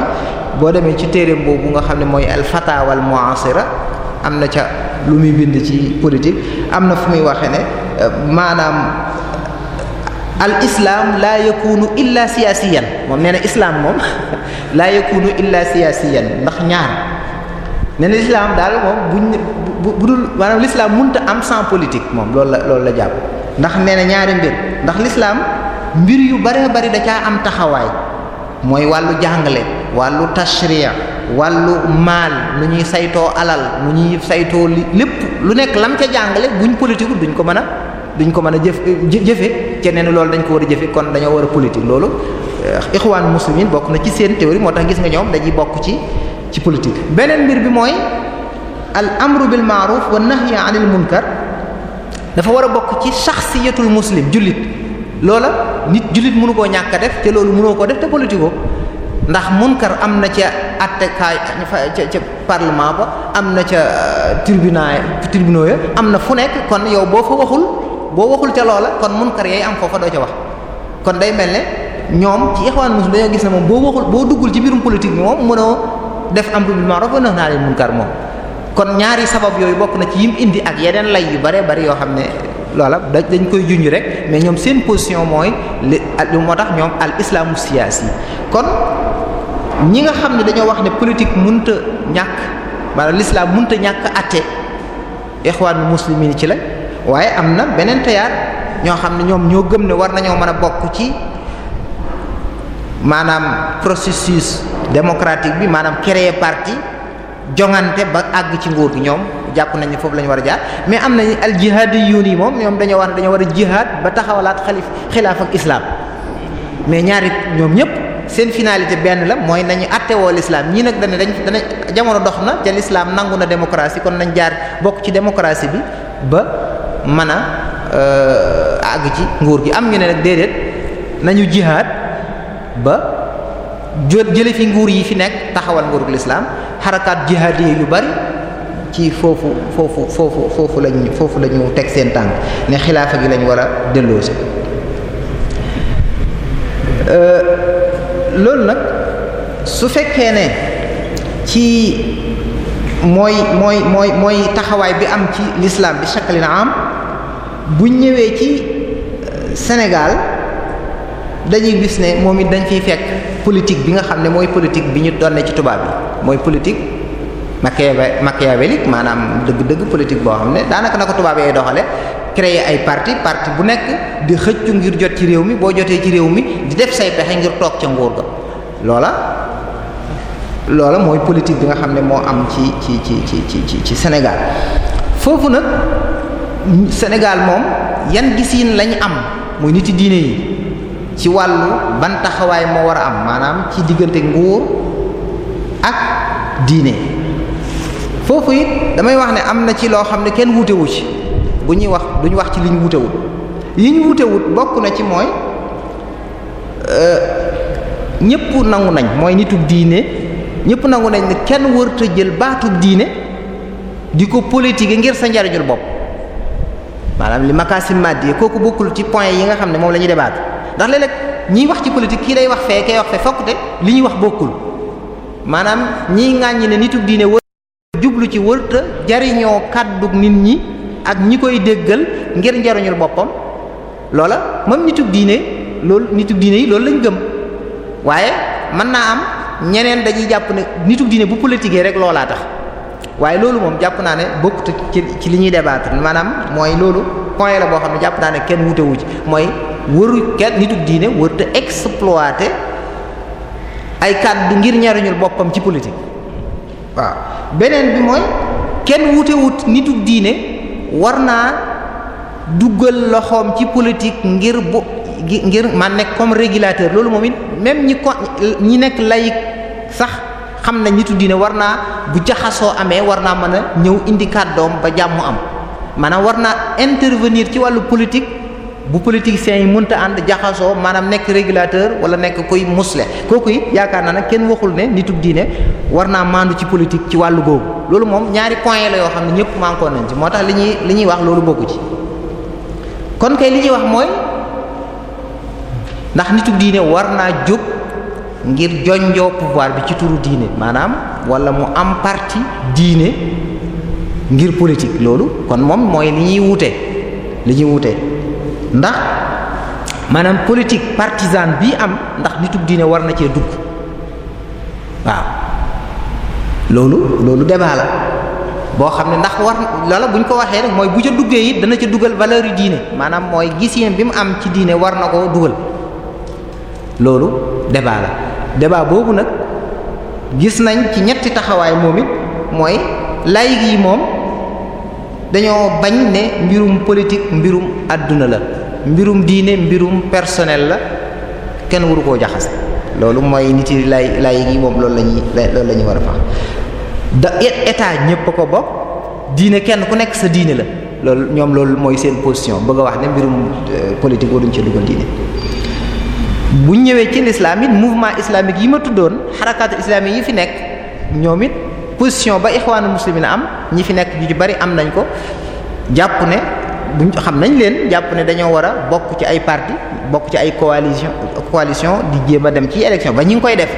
boo demee ci téere boobu nga xam ne mooy al fatawa al mu'asira am na ca lu muy bind ci politique am na fu muy waxee ne euh, maanaam al islam laa yakunu illa siyaasiyan moom nee na moom laa yakunu illa siyaasiyan ndax ñaar nee na daal moom buñ bu dul maanaam l'islam mënta am sans politique moom loolu la loolu la jàpp ndax nee ñaari mbir ndax l'islam mbir yu bare bari da caa am taxawaay mooy wàllu jàngale wàllu tashriya wàllu maal nu ñuy saytoo alal nu ñuy saytoo li lépp lu nekk lam ca jàngale buñ politique duñ ko mën a duñ ko mën a jëf jëfe ce nee loolu dañ ko war a jëfe kon dañoo war a politique loolu euh, ixwaan muslimin bokk na ci seen théorie moo tax gis nga ñoom dañuy bokk ci ci politique beneen mbir bi mooy al amru bil ma'ruf wa nahyi anil munkar dafa war a bokk ci shaxsiyatul muslim jullit loola nit jullit mënu koo ñàkk a def te loolu mënoo koo def te politique ko ndax munkar am na ca attekaay ca ca parlement ba am na ca euh, tribunal tribunaux ya am na fu nekk kon yow boo fa waxul boo waxul ca loola kon munkar yay am foofa doo ca wax kon day mel ne ñoom ci Ikhwanul Muslimin dañoo gis ne moom boo waxul boo duggul ci biirum politique bi moom mënoo def amru bil ma'ruf ko nahyi anil munkar moom kon ñaari sabab yooyu bokk na ci yim indi ak yeneen lay yu bare bari yoo xam ne loola dañ koy junj rek mais ñoom seen position mooy li moo tax ñoom al islaamu siyaasi kon ñi nga xam ne dañoo wax ne politique mënta ñàkk maanaam l'islam mënta ñàkk atte ixwaanu muslimiin ci la waaye am na beneen tayaat ñoo xam ne ñoom ñoo gëm ne war nañoo mën a bokk ci maanaam processus démocratique bi maanaam créer parti jongante ba àgg ci ngóor gi ñoom jàpp nañ ne foofu la ñu war a jaar mais am nañ al jihaadiyuun yi moom ñoom dañoo wax ne dañoo war a jihaad ba taxawalaat xalif xilaaf ak islam mais ñaari ñoom ñëpp seen finalité benn la mooy nañu attewoo l'islam ñii nag dañ dañ dana jamono dox na te l'islam nangu na démocratie kon nañ jaar bokk ci démocratie bi ba mën a euh, àgg ci nguur gi am ñu ne nag déedéet nañu jihaad ba jële fi nguur yi fi nekk taxawal nguurug lislaam xarakaat jihaadiya yu bari ci foofu foofu foofu foofu lañu foofu lañu ñu teg seen tànk ne xilaafa gi lañ war a delloosi euh, loolu nag su fekkee ne ci mooy mooy mooy mooy taxawaay bi am ci lislaam bi shakalina am bu ñëwee ci euh, Sénégal dañuy gis ne moom it dañ fiy fekk politique bi nga xam ne mooy politique bi ñu doon ci tubaab bi mooy politique machiavé machiavélique maanaam dëgg-dëgg politique boo xam ne daanaka na ko tubaab yee doxale créer ay parti parti bu nekk di xëccu ngir jot ci réew mi boo jotee ci réew mi di def say pexe ngir toog ca nguur ga loola loola mooy politique bi nga xam ne moo am ci ci ci ci ci ci Sénégal foofu nag Sénégal moom yan gisiin lañ am muy niti diine yi ci wàllu ban taxawaay moo war a am maanaam ci diggante nguur ak diine foofu it damay wax ne am na ci loo xam ne kenn wuutewu ci bu ñuy wax duñu wax ci li ñu liñ wuutewut liñ wuutewut bokk na ci mooy euh, ñëpp nangu nañ mooy nitub diine ñëpp nangu nañ ne kenn wërta jël baatub diine di ko politique ngir sa njariñul bopp maanaam li si makaasim maddi kooku bokkul ci point yi nga xam ne moom la ñuy débat ndax léeg ñiy wax ci politique kii day wax fee kay wax fee fokkute li ñuy wax bokkul maanaam ñiy ŋàññi ne nitub diine jublu ci wërta jariñoo kàddug nit ñi ak ñi koy déggal ngir njariñul boppam loola moom nitug diine loolu nitug diine yi loolu lañ gëm waaye mën naa am ñeneen dañuy jàpp ne nitug diine bu politique rek loolaa tax waaye loolu moom jàpp naa ne bokkut ci ci li ñuy débattre maanaam mooy loolu point la boo xam ne jàpp naa ne kenn wutewu ci mooy waru kenn nitug diine wërta exploiter ay kàddu ngir njariñul boppam ci politique waaw beneen bi mooy kenn wute wut nitu diine war naa duggal loxoom ci politique ngir bu ngir man nekk comme régulateur loolu moom it même ñi ko ñi nekk layig sax xam na nitu diine war naa bu jaxasoo amee war naa mën a ñëw indikaat doom ba jàmmu am maanaam war naa intervenir ci wàllu politique bu politiciens yi mënta ànd jaxasoo maanaam nekk régulateur wala nekk koy musle kooku it yaakaar naa nag kenn waxul ne nitug diine war naa maandu ci politique ci wàllu googu loolu moom ñaari point la yoo xam ne ñëpp mànkoo nañ ci moo tax li ñuy li ñuy wax loolu bokku ci kon kay li ñuy wax mooy ndax nitug diine war naa jóg ngir jonjoo pouvoir bi ci turu diine maanaam wala mu am parti diine ngir politique loolu kon moom mooy li ñuy wute li ñuy wute ndax maanaam politique partisane bii am ndax nitug diine war na cee dugg waaw loolu loolu débat la boo xam ne ndax war loola bu ñu ko waxee mooy bu ca duggee it dana ca dugal valeur yu diine maanaam mooy gisin bi mu am ci diine war na koo dugal loolu débat la débat boobu nag gis nañ ci ñetti taxawaay moom it mooy laïc yi moom dañoo bañ ne mbirum politique mbirum àdduna la mbirum diine mbirum personnel la kenn waru koo jaxas loolu mooy nit yi lay lay gi moom loolu la ñuy loolu war a fax da état ñépp a ko bokk diine kenn ku nekk sa diine la loolu ñoom loolu mooy seen position bëgg a wax ne mbirum euh, politique waruñ ci dugal diine bu ñëwee ci lislaam it mouvement islamique yi ma tuddoon xarakaatu islamique yi fi nekk ñoom it position ba ixwaanu muslimin am ñi fi nekk ju bari am nañ ko jàpp ne buñ xam nañ leen jàpp ne dañoo war a bokk ci ay parti bokk ci ay coalition coalition di jéem a dem ci élection ba ñu ngi koy def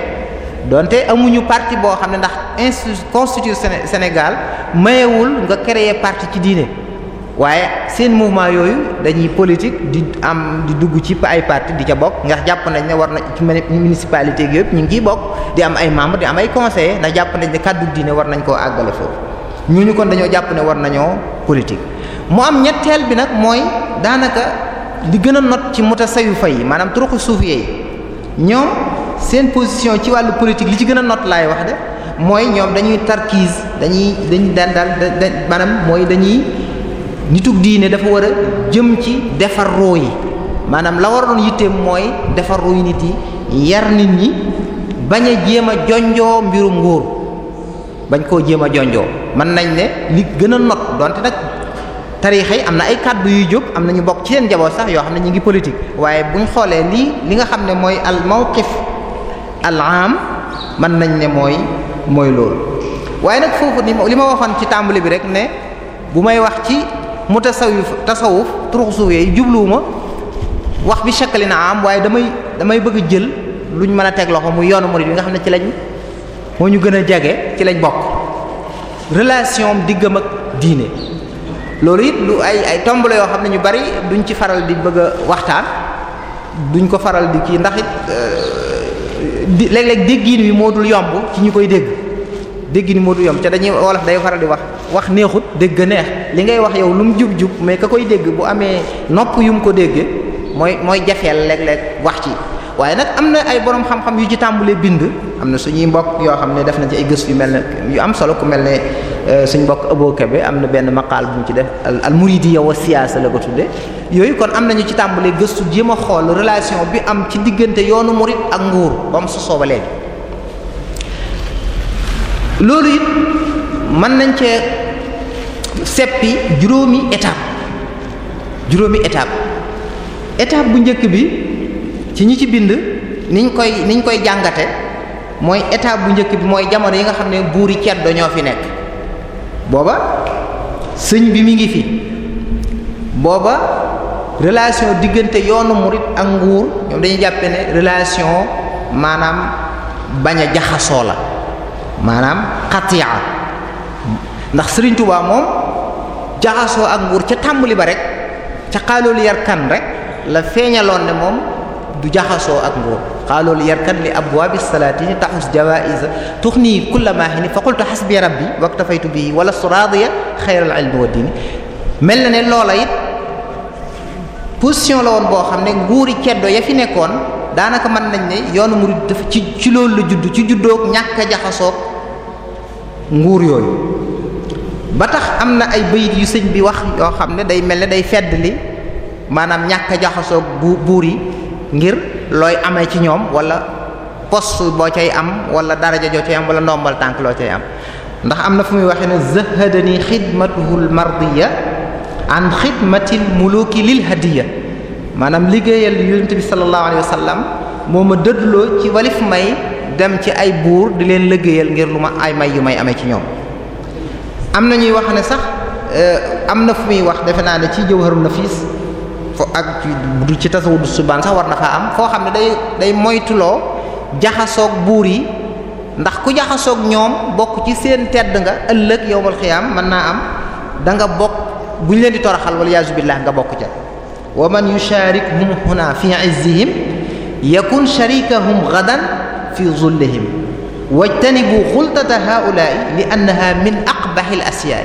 donte amuñu parti boo xam ne ndax institut constitution Sénégal mayewul nga créer parti ci diine waaye seen mouvement yooyu dañuy politique di am di dugg ci ay parti di ca bokk ndax jàpp nañ ne war nañ ci municipalité gi yëpp ñu ngi ciy bokk di am ay membre di am ay conseillers ndax jàpp nañ ne kàddu diine war nañ koo àggale foofu ñooñu kon dañoo jàpp ne war nañoo politique. mu am ñett teel bi nag mooy daanaka li gën a not ci fay yi maanaam turuqu suufiyya yi ñoom seen position ci wàllu politique li ci gën a not laay wax de mooy ñoom dañuy tarkiis dañuy dañuy daan daal maanaam mooy dañuy. nitug diine dafa war a jëm ci defar roo yi maanaam la waroon yitteem mooy defar roo yi nit yi yar nit ñi bañ a jéem a jonjoo mbirum nguur bañ koo jéem a jonjoo mën nañ ne li gën a not donte nag tariixa yi am na ay kàddu yuy jóg am na ñu bokk ci seen njaboot sax yoo xam ne ñu ngi politique waaye buñ xoolee lii li nga xam ne mooy al mawqif al am mën nañ ne mooy mooy loolu waaye nag foofu li ma waxoon ci tàmbali bi rek ne bu may wax ci mu tasawuf tasawuf turuxu suuf yooyu jubluwuma wax bi shakkali na am waaye damay damay bëgg jël lu ñu mën a teg loxo mu yoonu murid bi nga xam ne ci lañ moo ñu gën a jege ci lañ bokk relation diggam ak diine loolu it lu ay ay tomb la yoo xam ne ñu bari duñ ci faral di bëgg waxtaan duñ ko faral di kii ndax it euh, di léeg-léeg déggin wi moo dul yomb ci ñu koy dégg déggin moo dul yomb te dañuy wolof day faral di wax wax neexut dégg neex li ngay wax yow lu mu jub jub mais ka koy dégg bu amee nopp yu mu ko déggee mooy mooy jafeel léeg-léeg wax ci waaye nag am na ay borom xam-xam yu ci tàmbalee bind am na suñuy mbokk yoo xam ne def nañ ci ay gëstu yu mel ne yu am solo ku mel ne euh, suñ mbokk Abo Kebe am na benn maqaal bu mu ci def al muridiya wa siyaasa la ko tuddee yooyu kon am nañu ci tàmbalee gëstu jéem a xool relation bi am ci diggante yoonu murid ak nguur ba mu sosoo ba léegi loolu it mën nañ cee seppi juróomi étape juróomi étape étape bu njëkk bi ci ñi ci bind niñ koy niñ koy jàngate mooy étape bu njëkk bi mooy jamono yi nga xam ne buuri ceddo ñoo fi nekk booba sëñ bi mi ngi fi booba relation diggante yoonu murit ak nguur ñoom dañuy jàppe ne relation maanaam bañ a jaxasoo la maanaam xatiya ndax Sëriñ Tuubaa moom jaxasoo ak nguur ca tàmbali ba rek ca xaaloolu yarkan rek la feeñaloon ne moom du jaxasoo ak nguur xaaloolu yarkan li abwaabi salaatini taxus jawaïsa tuxnii kulla maahini fa qultu bi rabbi waktafaytu bii wala suraadiya xayral ilmi wa diini mel na ne loola it position la woon boo xam ne nguur yi ceddo ya fi nekkoon daanaka mën nañ ne yoon murid dafa ci ci loolu la judd ci juddoog ñàkk a nguur yooyu ba tax am na ay bayit yu sëñ bi wax yoo xam ne day mel ne day fedd li maanaam ñàkk a jaxasoo bu buur yi ngir looy amee ci ñoom wala post boo cay am wala daraja joo cay am wala ndombal tànk loo cay am ndax am na fu muy waxee ne zahadani xidmatuhul mardiya an xidmatil muluki lil hadiya maanaam liggéeyal yonent bi sallallahu alayhi wa moo ma dëddloo ci walif may dem ci ay buur di leen liggéeyal ngir lu ma ay may yu may amee ci ñoom am na ñuy wax ne sax euh, am na fu muy wax defe naa ne ci jawharun nafis fo ak du ci tasawudu subaan sax war na faa am koo xam ne day day moytuloo jaxasoog buur yi ndax ku jaxasoog ñoom bokk ci seen tedd nga ëllëg yowmal xiyaam mën naa am da nga bokk bu ñu leen di toraxal wala yaasu billah nga bokk ca wa man yusharikuhum huna fi izzihim yakun sharikahum gadan fi zullihim wajtanibu xultata haulaai li annaha min aqbahil asiyaay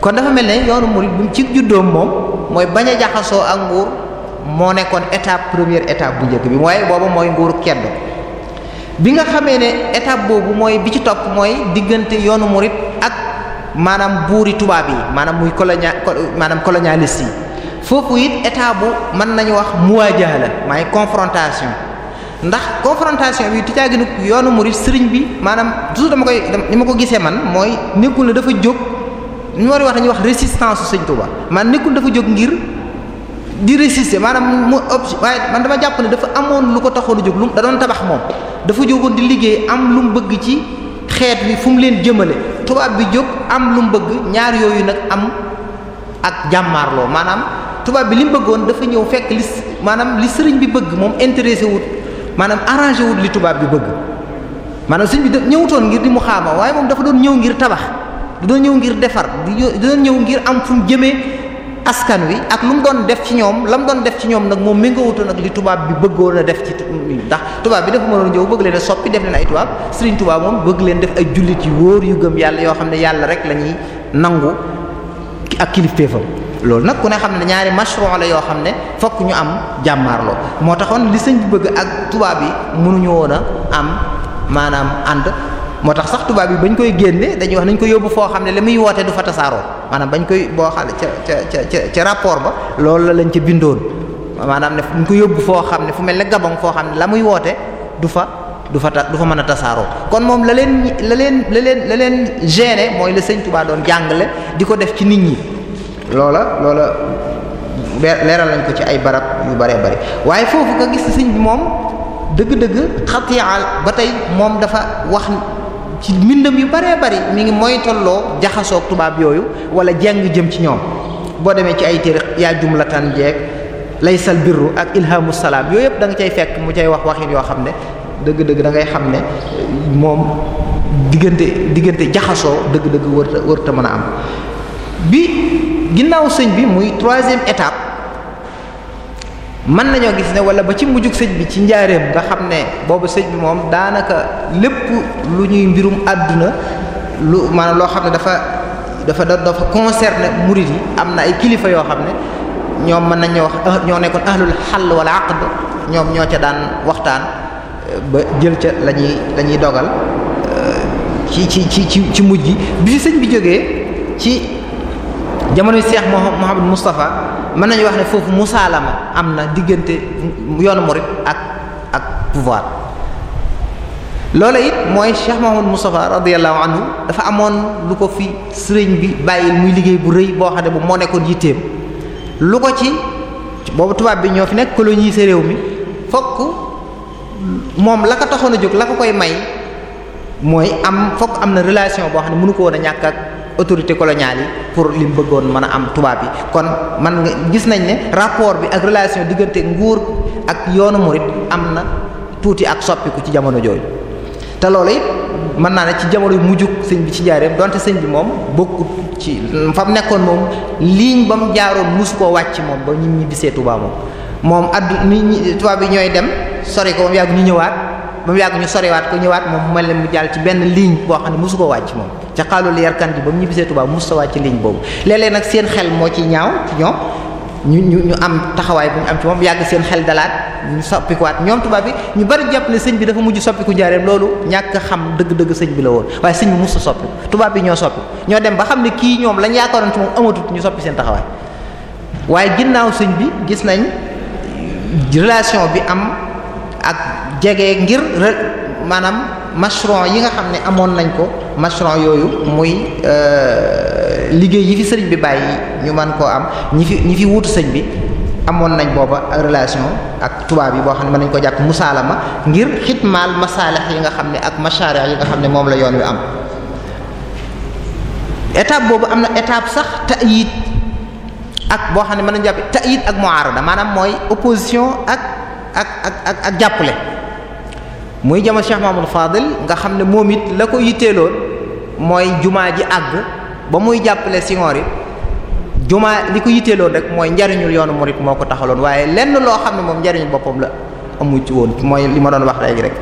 kon dafa mel ne yoonu murid bu ci juddoom moom mooy bañ a jaxasoo ak nguur moo nekkoon étape première étape bu njëkk bi waaye booba mooy nguur kedd bi nga xamee ne étape boobu mooy bi ci topp mooy diggante yoonu murid ak maanaam buuri tubaab yi maanaam muy colonia maanaam colonialiste yi foofu it état bu mën nañu wax muwaajaha la maay confrontation ndax confrontation bi du caaginu yoonu murid sëriñ bi maanaam toujours dama koy ni ma ko gisee man mooy nekkul ne dafa jóg ñu wax dañuy wax résistance su sëñ Touba man nekkul dafa jóg ngir di résister maanaam mu waaye man dama jàpp dafa amoon lu ko taxoon a jóg lu da tabax moom dafa jógoon di liggéey am lu mu bëgg ci xeet bi fu mu leen jëmale tubaab bi jóg am lu mu bëgg ñaar yooyu nag am ak jàmmaarloo maanaam tubaab bi li mu bëggoon dafa ñëw fekk li maanaam li sëriñ bi bëgg moom intéressé wut maanaam arrangé wut li tubaab bi bëgg maanaam ñu bi da ñëwutoon ngir di mu xaama waaye moom dafa doon ñëw ngir tabax du doon ñëw ngir defar du doon ñëw ngir am fu mu jëmee askan wi ak lu mu doon def ci ñoom la mu doon def ci ñoom nag moom méngoowutoon ak li tubaab bi bëggoon def ci ndax tubaab bi dafa mënoon ñëw bëgg leen a soppi def leen ay tubaab sëriñ tubaab moom bëgg leen def ay jullit yu wóor yu gëm yàlla yoo xam ne yàlla rek la ñuy nangu ak kilifteefam loolu nag ku ne xam ne ñaari mashru' la yoo xam ne fokk ñu am jàmmaarloo moo taxoon li sëñ bi bëgg ak tubaab yi mënuñu woon a am maanaam ànd moo tax sax tubaab yi bañ koy génne dañuy wax nañ ko yóbbu foo xam ne la muy woote du fa tasaaroo bañ koy boo xam ca ca ca ca rapport ba loolu la lañ ca bindoon maanaam ne ñu ko yóbbu foo xam ne fu mel ne Gabon xam ne la muy woote du fa du fa ta du fa mën a tasaaroo kon moom la leen la leen la leen la mooy la sëñ Tuubaa doon jàngale di ko def ci nit ñi. loola loola leeral nañ ko ci ay barab yu baree bari waaye foofu nga gis sëñ moom dëgg-dëgg xatiyaal ba tey moom dafa wax ci mbindam yu baree bari mi ngi mooy jaxasoo jaxasoog tubaab yooyu wala jeng jëm ci ñoom boo demee ci ay téere yaa jumlatan jeeg sal birru ak ilhamu salaam yooyu yëpp danga nga cay fekk mu cay wax waxin yoo xam ne dëgg-dëgg da xam ne moom diggante diggante jaxasoo dëgg-dëgg wër wërta mën a am bi ginnaaw sëñ bi muy troisième étape mën nañoo gis ne wala ba ci mujjug sëñ bi ci njaareem nga xam ne booba sëñ bi moom daanaka lépp lu ñuy mbirum àdduna lu maanaam loo xam ne dafa dafa dafa concerné murid yi am na ay kilifa yoo xam ne ñoom mën nañoo wax ah, ñoo nekkoon ahlul xàll wala aqd ñoom ñoo ca daan waxtaan eh, ba jël ca lañuy ñuy dogal eh, ci ci ci ci mujj bi fi sëñ bi jógee ci. jamono yi Cheikh Mouhamadou Moustapha mën nañu wax ne foofu musaalama am na diggante yoonu murid ak ak pouvoir loola it mooy Cheikh Mouhamadou Moustapha radiyallahu anhu dafa amoon lu ko fi sëriñ bi bàyyil muy liggéey bu rëy boo xam ne bu moo nekkoon yitteem lu ko ci boobu tubaab bi ñoo fi nekk coloniser réew mi fokk moom la ko taxoon a jóg la ko koy may mooy am fokk am na relation boo xam ne munu ko woon a ñàkk ak autorité coloniale yi pour li mu bëggoon mën a am tubaab yi kon man nga gis nañ ne rapport bi ak relation diggante nguur ak yoonu murit am na tuuti ak soppiku ci jamono jooju te loolu it mën naa ne ci jamono yu mujj sëñ bi ci jaareem donte sëñ bi moom bokkut ci fa mu nekkoon moom lii ba mu jaaroon mus koo wàcc moom ba ñu ñibbisee Tuubaa moom moom addu nit ñi tubaab yi ñooy dem sori ko moom yàgg ñu ñëwaat. ba mu yàgg ñu soriwaat ko ñëwaat moom mu mel ne mu jàll ci benn ligne boo xam ne mosu ko wàcc moom ca xaalu yarkan ji ba mu ñibbisee Tuubaa mos sa wàcc ligne boobu léeg-léeg nag seen xel moo ci ñaaw ci ñoom ñu ñu ñu am taxawaay bu ñu am ci moom yàgg seen xel dalaat ñu soppikuwaat ñoom tubaab bi ñu bari jàpp ne sëñ bi dafa mujj soppiku njaareem loolu ñàkk xam dëgg-dëgg sëñ bi la woon waaye sëñ bi mos sa soppi tubaab bi ñoo soppi ñoo dem ba xam ne kii ñoom lañ yaakaaroon ci moom amatut ñu soppi seen taxawaay waaye ginnaaw sëñ bi gis nañ relation bi am ak jege ngir maanaam macheron yi nga xam ne amoon nañ ko mashron yooyu muy euh, liggéey yi fi sëriñ bi bàyyi ñu man koo am ñi fi ñi fi wuutu sëñ bi amoon nañ booba ak relation ak tubaab yi boo xam ne mën nañ ko jàpp musaalama ngir xitmaal masaalix yi nga xam ne ak mashaarix yi nga xam ne moom la yoon wi am étape boobu am na étape sax yiit ak boo xam ne mën nañ jàpp ta'yid ak mu'arada maanaam mooy opposition ak ak ak ak jàppale muy jamono Cheikh Mamadou Fadil nga xam ne moom it la ko yitteeloon mooy jumaa ji àgg ba muy jàppale singoor yi jumaa li ko yitteeloon rek mooy njariñu yoonu murit moo ko taxaloon waaye lenn loo xam ne moom njariñul boppam la amu ci woon mooy li ma doon wax léegi rek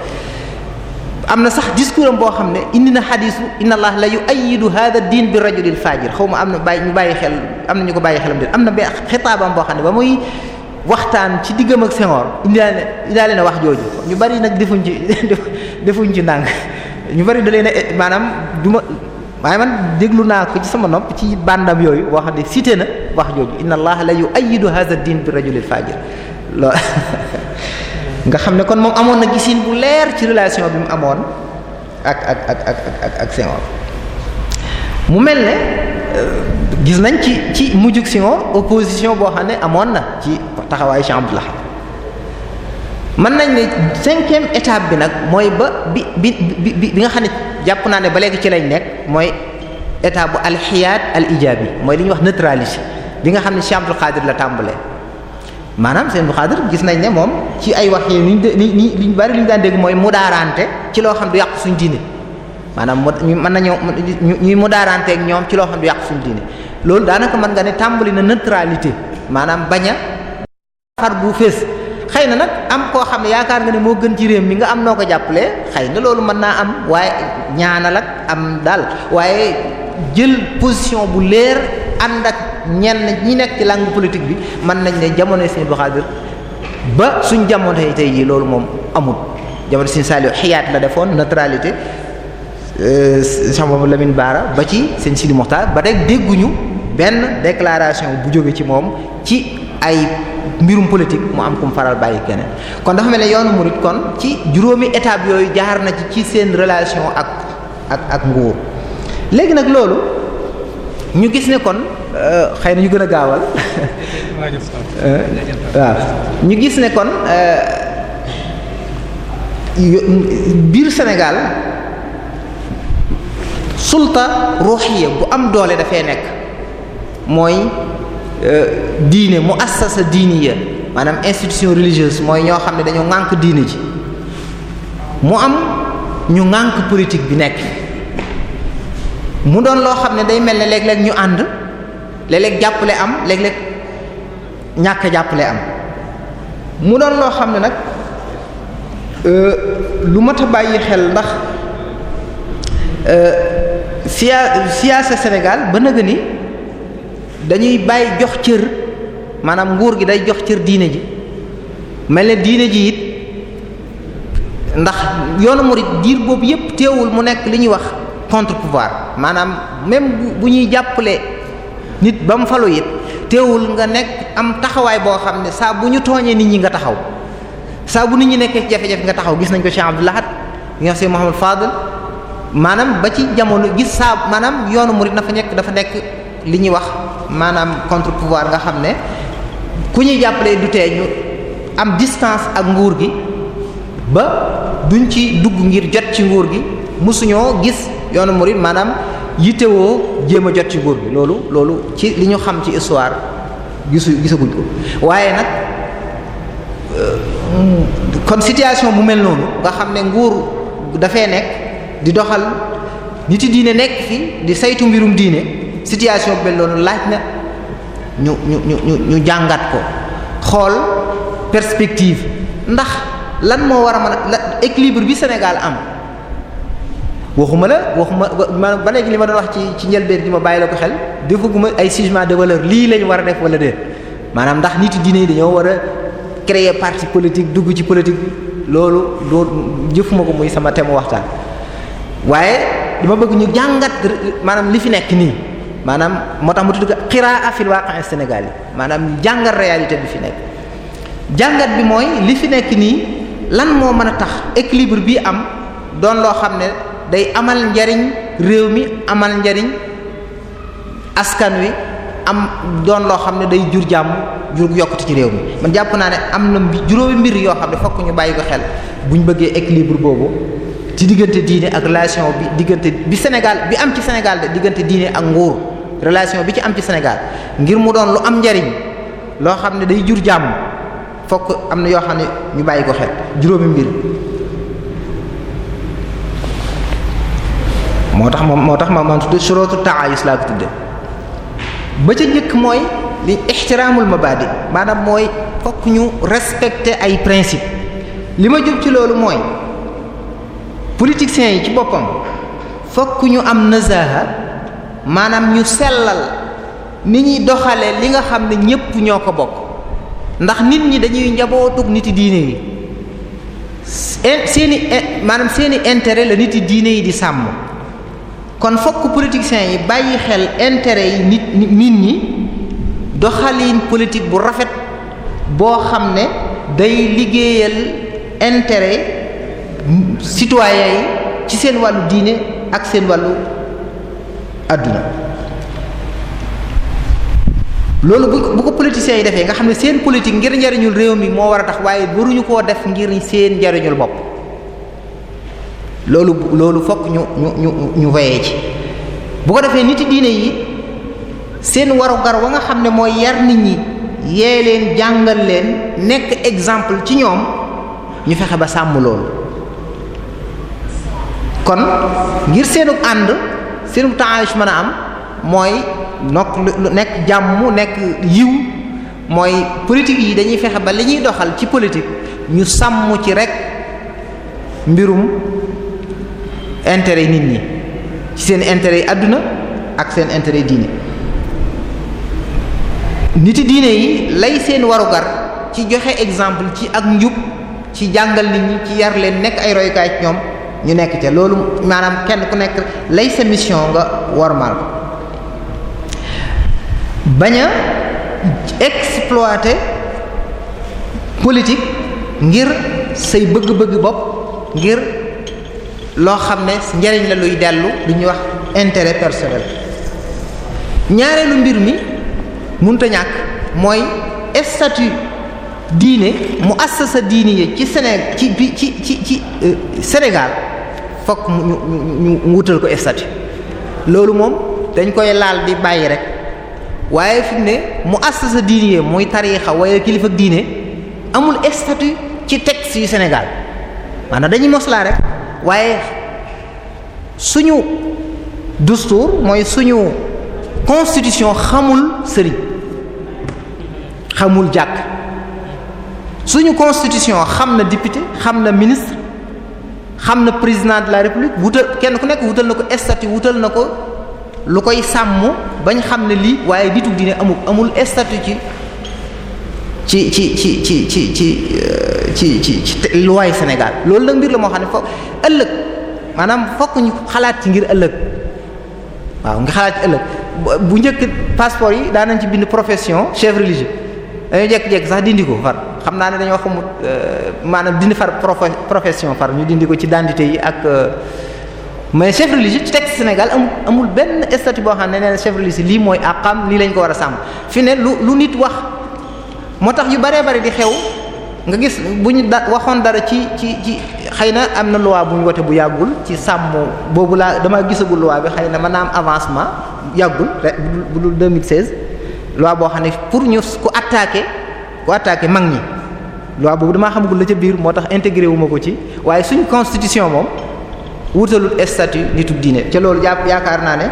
am na sax discours boo xam ne indi na xadiisu inna allah la yuayidu hada diin bi rajulil fajir xaw ma am na bàyyi ñu bàyyi xel am na ñu ko bàyyi xelam de am na ba xitaabam boo xam ne ba muy waxtaan ci diggam ak Senghor indaale indaale na wax jooju ñu bari nag defuñ ci defuñ ci ndànk ñu bari dalee leen a maanaam du ma man déglu naa ko ci sama nopp ci bandam yooyu wax xam ne na wax jooju inna allah la yu'ayyidu hadha ad-din bi rajulil fajir lool nga xam ne kon moom amoon na gisin bu leer ci relation bi mu amoon ak ak ak ak ak ak mu mel ne euh, gis nañ ci ci mujjug si moom opposition boo xam ne amoon na ci taxawaayu Cheikh Abdou Lahad mën nañ ne cinquième étape bi nag mooy ba bi bi bi bi nga xam ne jàpp naa ne ba léegi ci lañ nekk mooy étape bu alxiyaat al ijaabi mooy li ñu wax neutraliser bi nga xam ne Cheikh Abdou Khadir la tàmbalee maanaam Cheikh Abdou Khadir gis nañ ne moom ci ay wax yi ni ñu ni ñu bari lu ñu daan dégg mooy mudaaraante ci loo xam du yàq suñ diine maanaam mu mën ñu ñuy mu daaraanteeg ñoom ci loo xam du yàq suñu diine loolu daanaka mën nga ne tàmbali na neutralité maanaam bañ a bu fees xëy na nag am koo xam ne yaakaar nga ne moo gën ci réew mi nga am noo ko jàppale xëy na loolu mën naa am waaye ñaanal ak am daal waaye jël position bu leer ànd ak ñenn ñi nekk ci langue politique bi mën nañ ne jamono Sëñ Abdou Khadre ba suñ jamono tey jii loolu moom amul jamono si Saliou xiyaat la defoon neutralité sama euh, Lamine Baara ba ci sëñ Sidi ba rek dégguñu benn déclaration bu jóge ci moom ci ay mbirum politique mu am kum faral bàyyi keneen kon dafa mel ne yoonu murit kon ci juróomi étape yooyu jaar na ci ci seen relation ak ak ak nguur léegi nag loolu ñu gis ne kon euh, xëy na ñu gën a gaawal waaw ñu gis ne kon euh, biir Sénégal sulta ruuxiya bu am doole dafay nekk mooy euh, diine mu assasa diiniya maanaam institution religieuse mooy ñoo xam ne dañoo ŋànk diine ji mu am ñu ŋànk politique bi nekk mu doon loo xam ne day mel ne léeg-léeg ñu ànd léeg-léeg jàppale am léeg-léeg ñàkk jàppale am mu doon loo xam ne nag euh, lu mat a bàyyi xel ndax euh, siya siyaasa Sénégal ba nëgë ni dañuy bàyyi jox cër maanaam nguur gi day jox cër diine ji mel ne diine ji it ndax yoonu murid diir boobu yépp teewul mu nekk li ñuy wax contre pouvoir maanaam même bu ñuy jàppale nit ba mu falu it teewul nga nekk am taxawaay boo xam ne saa bu ñu tooñee nit ñi nga taxaw saa bu nit ñi nekkee ci jafe-jafe nga taxaw gis nañ ko Cheikh Abdou Lahad ñoo si Mouhamadou Fadl maanaam ba ci jamono gis saa maanaam yoonu murid dafa nekk dafa nekk li ñuy wax maanaam contre pouvoir nga xam ne ku ñuy jàppalee du tee am distance ak nguur gi ba duñ ci dugg ngir jot ci nguur gi mosuñoo gis yoonu murid maanaam yittewoo jéem a jot ci nguur gi loolu loolu ci li ñu xam ci histoire gisu gisaguñ ko waaye nag euh, kon situation bu mel noonu nga xam ne nguur dafay nekk. di doxal nit diine nekk fi di saytu mbirum diine situation bi laaj na ñu ñu ñu ñu jàngat ko xool perspective ndax lan moo war a mën a la équilibre bi Sénégal am waxuma la waxuma ma ba léegi li ma doon wax ci ci njëlbeen gi ma bàyyi la ko xel defaguma ay jugement de valeur lii lañ war a def wala de maanaam ndax nit yi diine dañoo war a créer parti politique dugg ci politique bi loolu doo jëfuma ko muy sama thème waxtaan. waaye dama bëgg ñu jàngat maanaam li fi nekk nii maanaam moo tax mu tudd xiraa fil waaqi Sénégal yi maanaam ñu jàngat réalité bi fi nekk jàngat bi mooy li fi nekk nii lan moo mën a tax équilibre bi am doon loo xam ne day amal njariñ réew mi amal njariñ askan wi am doon loo xam ne day jur jàmm jur yokkute ci réew mi man jàpp naa ne am na juróomi mbir yoo xam ne fokk ñu bàyyi ko xel buñ bëggee équilibre boobu ci diggante diine ak relation bi diggante bi Sénégal bi am ci Sénégal de diggante diine ak nguur relation bi ci am ci Sénégal ngir mu doon lu am njariñ loo xam ne day jur jàmm fokk am na yoo xam ne ñu bàyyi ko xel juróomi mbir moo tax moom moo tax ma man tudde surootu taayus laa ko tudde ba ca njëkk mooy li ixtiraamul mabadi maanaam mooy fokk ñu respecter ay principe li ma jub ci loolu mooy politiciens yi ci boppam fokk ñu am nazaha maanaam ñu sellal ni ñuy doxalee li nga xam ne ñépp ñoo ko bokk ndax nit ñi dañuy njabootug niti diine yi seeni eh, maanaam seeni intérêt la niti diine yi di sàmm kon fokk politiciens yi bàyyi xel intérêt yi nit nit ñi doxalin politique bu rafet boo xam ne day liggéeyal intérêt citoyens yi ci seen wàllu diine ak seen wàllu àdduna loolu bu bu ko politiciens yi defee nga xam ne seen politique ngir njariñul réew mi moo war a tax waaye waruñu koo def ngir seen njariñul bopp loolu loolu fokk ñu ñu ñu ñu wayee ci bu ko defee nit diine yi seen warugar wa nga xam ne mooy yar nit ñi yee leen jàngal leen nekk exemple ci ñoom ñu fexe ba sàmm loolu kon ngir seenu ànd seenu taayus mën a am mooy nokk lu nekk jàmm nekk yiw mooy politique yi dañuy fexe ba li ñuy doxal ci politique ñu sàmm ci rek mbirum intérêt nit ñi ci seen intérêt yi àdduna ak seen intérêt diine niti diine yi lay seen warugar ci joxe exemple ci ak njub ci jàngal nit ñi ci yar leen nekk ay royukaay ci ñoom ñu nekk ca loolu maanaam kenn ku nekk lay sa mission nga wormaal ko bañ a exploiter politique ngir say bëgg-bëgg bopp ngir loo xam ne njariñ la luy dellu lu ñuy wax intérêt personnel ñaareelu mbir mi munta ñàkk mooy statut diine mu assasa diine yi ci Séné ci ci ci ci euh, Sénégal fokk mu ñu ñu wutal ko statut loolu moom dañ koy laal di bàyyi rek waaye fi mu ne mu assasa diine muy tariixa waaye kilifa diine amul statut ci texte si Sénégal maanaam dañuy moslaa rek waaye suñu dustuur mooy suñu constitution xamul sëriñ xamul jàkk suñu constitution xam na député xam na ministre xam na président de la république wutal kenn ku nekk wutal na ko statut wutal na ko lu koy sàmm bañ xam ne lii waaye nitu dine amul amul statut ci ci ci ci ci ci ci euh, ci ci luwaay Sénégal loolu nag mbir la moo xam ne fokk ëllëg maanaam fokk ñu xalaat ci ngir ëllëg waaw nga xalaat ci ëllëg bu njëkk passeport yi daanañ ci bind profession chef religieux dañoo jekk-jekk sax dindi ko far xam naa ne dañoo xamut euh, maanaam dindi far profession far ñu dindi ko ci identité yi ak euh, mais chef religieux ci texte Sénégal amul amul benn statut boo xam ne nee na chef religieux lii mooy àqam lii lañ ko war a sàmm fi ne lu lu nit wax moo tax yu baree bari di xew nga gis bu ñu da waxoon dara ci ci ci xëy na am na loi bu ñu wote bu yàggul ci sàmm boobu laa dama gisagul loi bi xëy na mën avancement yàggul rek bu dul 2016 loi boo xam ne pour ñu ku attaqué. ku attaqué mag ñi loi boobu damaa xamagul la ca biir moo tax intégré wu ko ci waaye suñ constitution moom wutalul statut nitu diine ca loolu jàpp yaakaar naa ne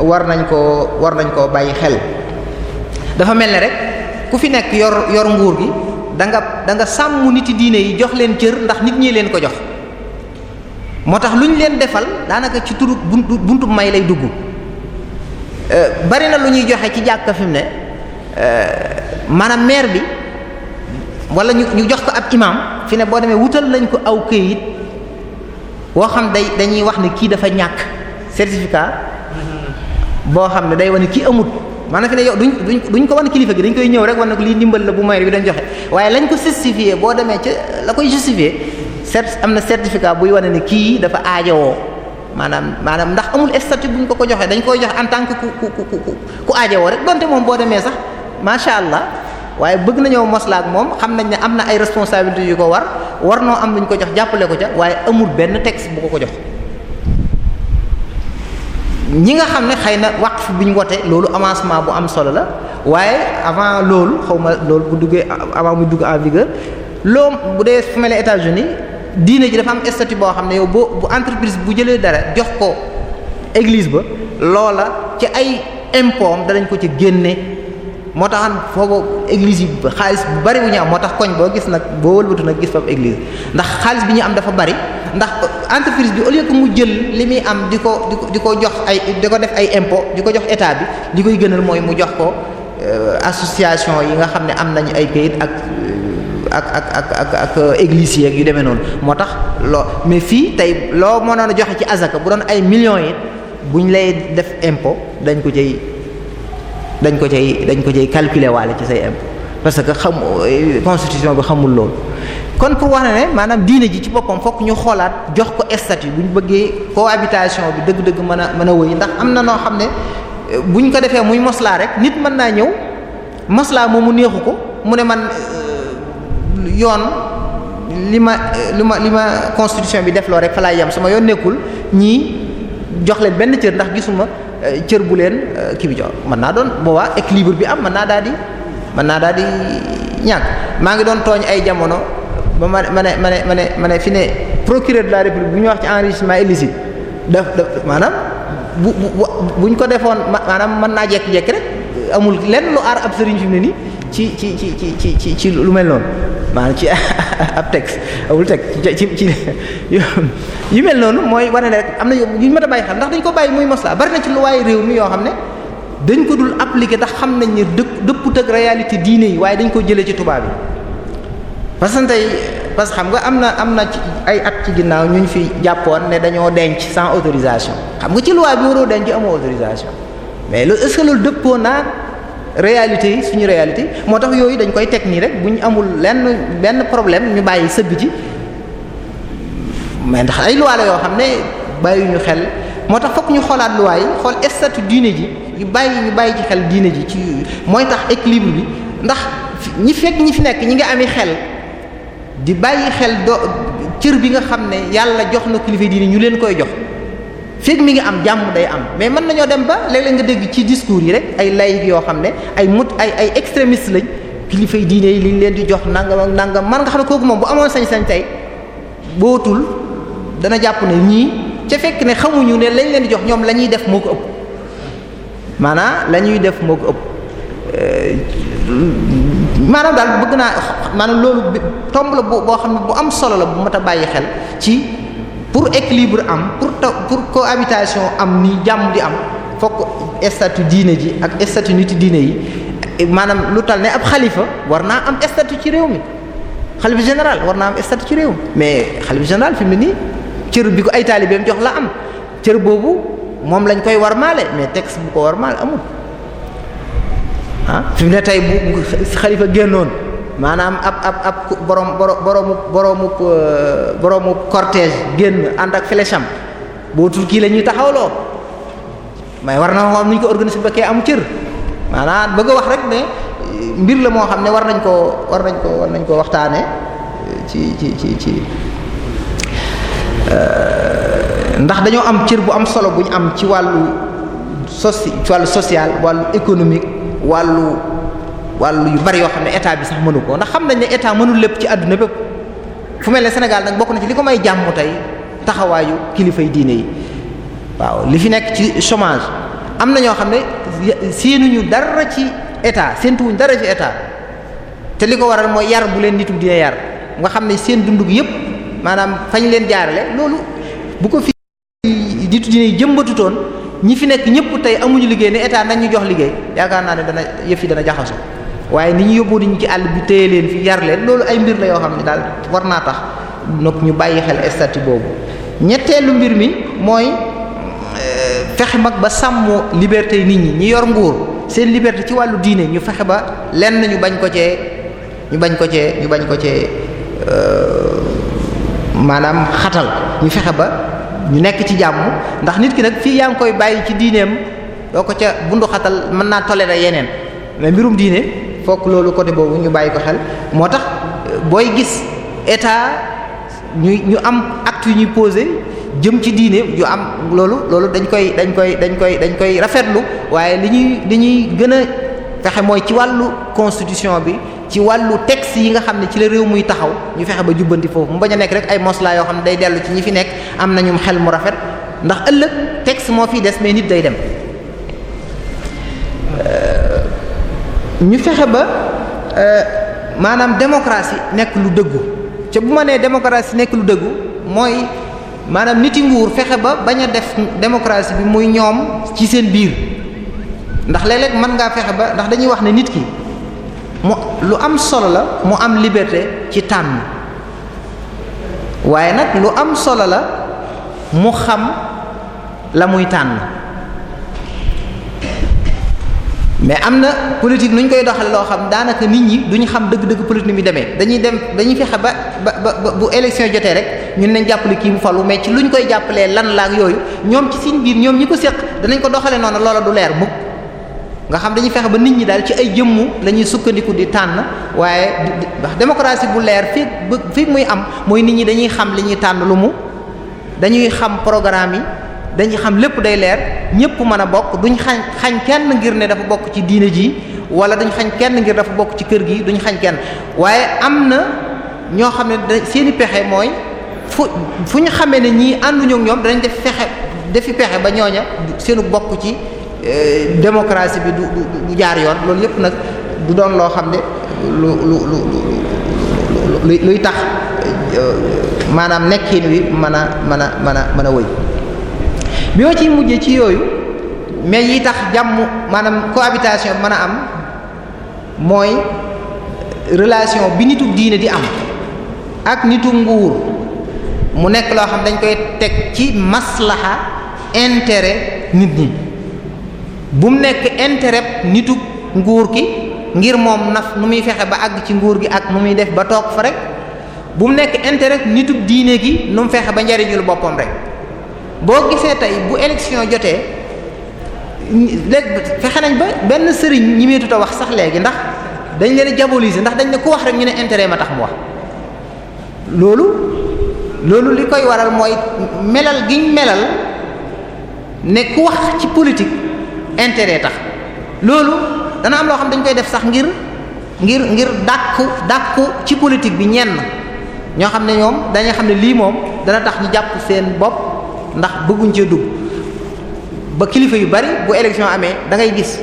war nañ koo war nañ koo bàyyi xel dafa mel ne rek ku fi nekk yor yor nguur gi da nga da nga sàmm niti diine yi jox leen cër ndax nit ñii leen ko jox moo tax lu ñu leen defal daanaka ci turu buntu buntu may lay dugg euh, bari na lu ñuy joxe ci jàkka fi mu ne euh, maanaam maire bi. wala ñu ñu jox ko ab imaam fi ne boo demee wutal nañ ko aw këyit woo xam day dañuy wax ne kii dafa ñàkk certificat boo xam ne day wane kii amut maanaam fi ne yow duñ duñ duñ ko wan kilifa gi dañ koy ñëw rek wan ne lii ndimbal la bu maire bi dañ joxe waaye ko justifié boo demee ca la koy justifié cert am na certificat buy wane ne kii dafa aajowoo maanaam maanaam ndax amul statut ñu ko ko joxee dañ koy joxe en tant que ku ku ku ku aajowoo rek donte moom boo demee sax macha allah. waaye bëgg nañoo moslaak moom xam nañ ne am na ay responsabilités yu ko war war noo am lu ñu ko jox jàppale ko ca waaye amul benn texte bu ko ko jox ñi nga xam ne xëy na waqf bi ñu wote loolu avancement bu am solo la waaye avant loolu xawma loolu bu duggee avant mu dugg en vigueur loo bu dee fu mel ne États-Unis diine ji dafa am statut boo xam ne yow boo bu entreprise bu jëlee dara jox ko église ba loola ci ay impôts danañ ko ci génne moo taxan foofu église yi xaalis bu bari bu ñu am moo tax koñ boo gis nag boo wëlbatu nag gis foofu église ndax xaalis bi ñu am dafa bari ndax entreprise bi au lieu mu jël li muy am di ko di ko di ko jox ay di ko def ay impôt di ko jox état bi di koy gënal mooy mu jox ko euh, association yi nga xam ne am nañu ay kayit euh, ak ak ak ak ak ak église yeeg yu demee noonu moo tax loo mais fii tey loo mënoon a joxe ci azaka bu doon ay millions yi ñu lay def impôt dañ ko cay dañ ko cay dañ ko cay calculer waale ci say impôt parce que xam constitution bi xamul loolu kon pour wax ne maanaam diine ji ci boppam fokk ñu xoolaat jox ko statut bu ñu bëggee cohabitation bi dëgg-dëgg mën a mën a wëy ndax am na noo xam ne bu ñu ko defee muy moslaa rek nit mën naa ñëw moslaa mu neexu ko mu ne man euh, yoon li ma li ma li ma constitution bi def loo rek fa laay yem sama yoon nekkul ñii jox leen benn cër ndax gisuma Eh, cër bu leen eh, kii bi jox mën naa doon boobaa équilibre bi am mën naa daal di mën naa daal di ñàkk maa ngi doon tooñ ay jamono ma ma ne ma ne ma ne ma fi ne procureur de la république bu ñu wax ci enrichissement illicite daf daf maanaam bu bu buñ ko defoon maanaam mën naa jekki-jekki rek amul lenn lu aar ab sëriñ fi mu nii ci ci ci ci ci ci lu mel noonu maanaam ci ab texte awul texte ci ci yu mel noonu mooy wane ne rek am na yu mat a bàyyi xel ndax dañ ko bàyyi muy mosla bari na ci luwaay réew mi yoo xam ne dañ ko dul appliquer ndax xam nañ ne dëpp dëpput ak réalité diine yi waaye dañ ko jëlee ci tubaab yi parce que tey parce que xam nga am na am na ci ay at ci ginnaaw ñu ñu fi jàppoon ne dañoo denc sans autorisation xam nga ci loi bi waroo denc amoo autorisation mais loolu est loolu dëppoo naa réalité yi suñu réalité moo tax yooyu dañ koy teg nii rek bu ñu amul lenn benn problème ñu bàyyi sëb ci mais ndax ay loi yoo xam ne bàyyiwuñu xel moo tax fokk ñu xoolaat loi yi xool statut diine ji ñu bàyyi ñu bàyyi ci xel diine ji ci mooy tax équilibre bi ndax ñi fekk ñi fi nekk ñi nga amee xel di bàyyi xel do cër bi nga xam ne yàlla jox na kilifa diine ñu leen koy jox. fekk mi ngi am jàmm day am mais mën nañoo dem ba léeg-léeg nga dégg ci discours yi rek ay laïc yoo xam ne ay mut ay ay extrémistes lañ kilifa yi diine yi liñ leen di jox nangam ak man nga xam ne kooku moom bu amoon sañ-sañ tey bootul dana jàpp ne ñii ca fekk ne xamuñu ne lañ leen jox ñoom la ñuy def moo ko la ñuy def ko ëpp euh, maanaam daal bëgg naa maanaam loolu tomb la boo xam ne bu am solo la bu mat a bàyyi xel ci. pour équilibre am pour pour cohabitation am ni jàmm di am fokk statu diine ji ak statut nit diine yi maanaam lu tal ne ab xalifa war naa am statut ci réew mi xalifa général war naa am statut ci réew mi mais xalifa général fi mu ne nii cër bi ko ay taalibeem jox la am cër boobu moom lañ koy war maale mais texte bu ko war maale amul ah fi mu ne tey bu xalifa génnoon maanaam ab ab ab borom boroomu boroomu euh, boroomu cortège génn ànd ak flèche am boo tur kii la ñuy taxawloo may war na xam nuñ ñu ko organisé ba kee am cër maanaam bëgg a wax rek ne euh, mbir la moo xam ne war nañ koo war nañ ko war nañ ko waxtaane euh, ci ci ci ci ndax dañoo am cër bu am solo bu am ci wàllu soci ci wàllu social wàllu économique wàllu wàllu yu bari yoo xam ne état bi sax mënu koo ndax xam nañ ne état mënul lépp ci àdduna bépp fu mel ne Sénégal nag bokk na ci li ko may jàmm tey taxawaayu kilifa yi diine waaw li fi nekk ci chômage am na ñoo xam ne séenuñu dara ci état séentuwuñ dara ci te li ko waral mooy yar bu leen nitu dina yar nga xam ne seen dund gi yëpp maanaam fañ leen jaarale loolu bu ko fi nitu dina jëmbatutoon ñi fi nekk ñëpp tey amuñu liggéey ne état nañ ñu jox liggéey yaakaar naa ne dana yëf yi dana jaxasoo. waaye ni ñu yóbboo nañu ci àll bi téye leen fi yar leen loolu ay mbir la yoo xam ne daal war naa tax nag ñu bàyyi xel statut boobu ñetteelu mbir mi mooy euh, fexe mag ba sàmm liberté nit ñi ñi yor nguur seen liberté ci wàllu diine ñu fexe ba lenn ñu bañ ko cee ñu bañ ko cee bañ ko cee euh, maanaam xatal ñu fexe ba ñu nekk ci jàmm ndax nit ki nag fii yaa ngi koy bàyyi ci diineem doo ko ca bundu xatal mën naa toléré yeneen mais mbirum diine fokk loolu côté boobu ñu bàyyi ko xel moo tax booy gis état ñu ñu am acte yu ñuy posé jëm ci diine ju am loolu loolu dañ koy dañ koy dañ koy dañ koy rafetlu waaye li ñuy li gën a fexe mooy ci wàllu constitution bi ci wàllu texte yi nga xam ne ci la réew muy taxaw ñu fexe ba jubbanti foofu mu bañ a nekk rek ay moslaa yoo xam ne day dellu ci ñi fi nekk am nañum xel mu rafet ndax ëllëg tex moo fiy des mais nit day dem ñu fexe ba euh, maanaam démocratie nekk lu dëggu ca bu ma nee démocratie nekk lu dëggu mooy maanaam niti nguur fexe ba bañ a def démocratie bi muy ñoom ci seen biir ndax léeg mën ngaa fexe ba ndax dañuy wax ne nit ki mu lu am solo la mu am liberté ci tànn waaye nag lu am solo la mu xam la muy tànn mais am na politique nu ñu koy doxal loo xam daanaka nit ñi duñu xam dëgg-dëgg politique mi demee dañuy dem dañuy fexe ba ba ba bu élection jotee rek ñun nañ jàppale kii mu falu mais ci ñu koy jàppalee lan laak yooyu ñoom ci seen biir ñoom ñi ko séq danañ ko doxalee noonu loola du leer mukk nga xam dañuy fexe ba nit ñi daal ci ay jëmmu lañuy sukkandiku di tànn waaye ndax démocratie bu leer fii ba fii muy am mooy nit ñi dañuy xam li ñuy tànn lu mu dañuy xam programme yi. dañuy xam lépp day leer ñëpp mën a bokk duñ xañ xañ kenn ngir ne dafa bokk ci diine ji wala duñ xañ kenn ngir dafa bokk ci kër gi duñ xañ kenn waaye am na ñoo xam ne seeni pexe mooy fu fu ñu xamee ne ñii ànduñu ñoom danañ def fexe defi pexe ba ñooña seeni bokk ci euh, démocratie bi du du jaar yoon loolu yëpp nag du doon loo xam ne lu lu lu luy tax euh, maanaam nekkin wi mën a mën a mën a mën a wëy bi ma ciy mujjee ci yooyu mais yi tax jàmm maanaam cohabitation bi mën a am mooy relation bi nitu diine di am ak nitu nguur mu nekk loo xam dañ koy teg ci maslaha intérêt nit ñi bu mu nekk intérêt nitu nguur ki ngir moom naf nu muy fexe ba àgg ci nguur gi ak nu muy def ba toog fa rek bu mu nekk intérêt nitu diine gi nu mu fexe ba njariñul boppam rek boo gisee tey bu élection jotee léegi fexe nañ ba benn sëriñ ñi meetut a wax sax léegi ndax dañ leen diaboliser ndax dañ ne ku wax rek ñu ne intérêt ma tax mu wax loolu loolu li koy waral mooy melal giñ melal ne ku wax ci politique intérêt tax loolu dana am loo xam dañ koy def sax ngir ngir ngir dàkku dàkku ci politique bi ñenn ñoo xam ne ñoom dañuy xam ne lii moom dana tax ñu jàpp seen bopp ndax bëgguñ cee dugg ba kilifa yu bari bu élection amee da ngay gis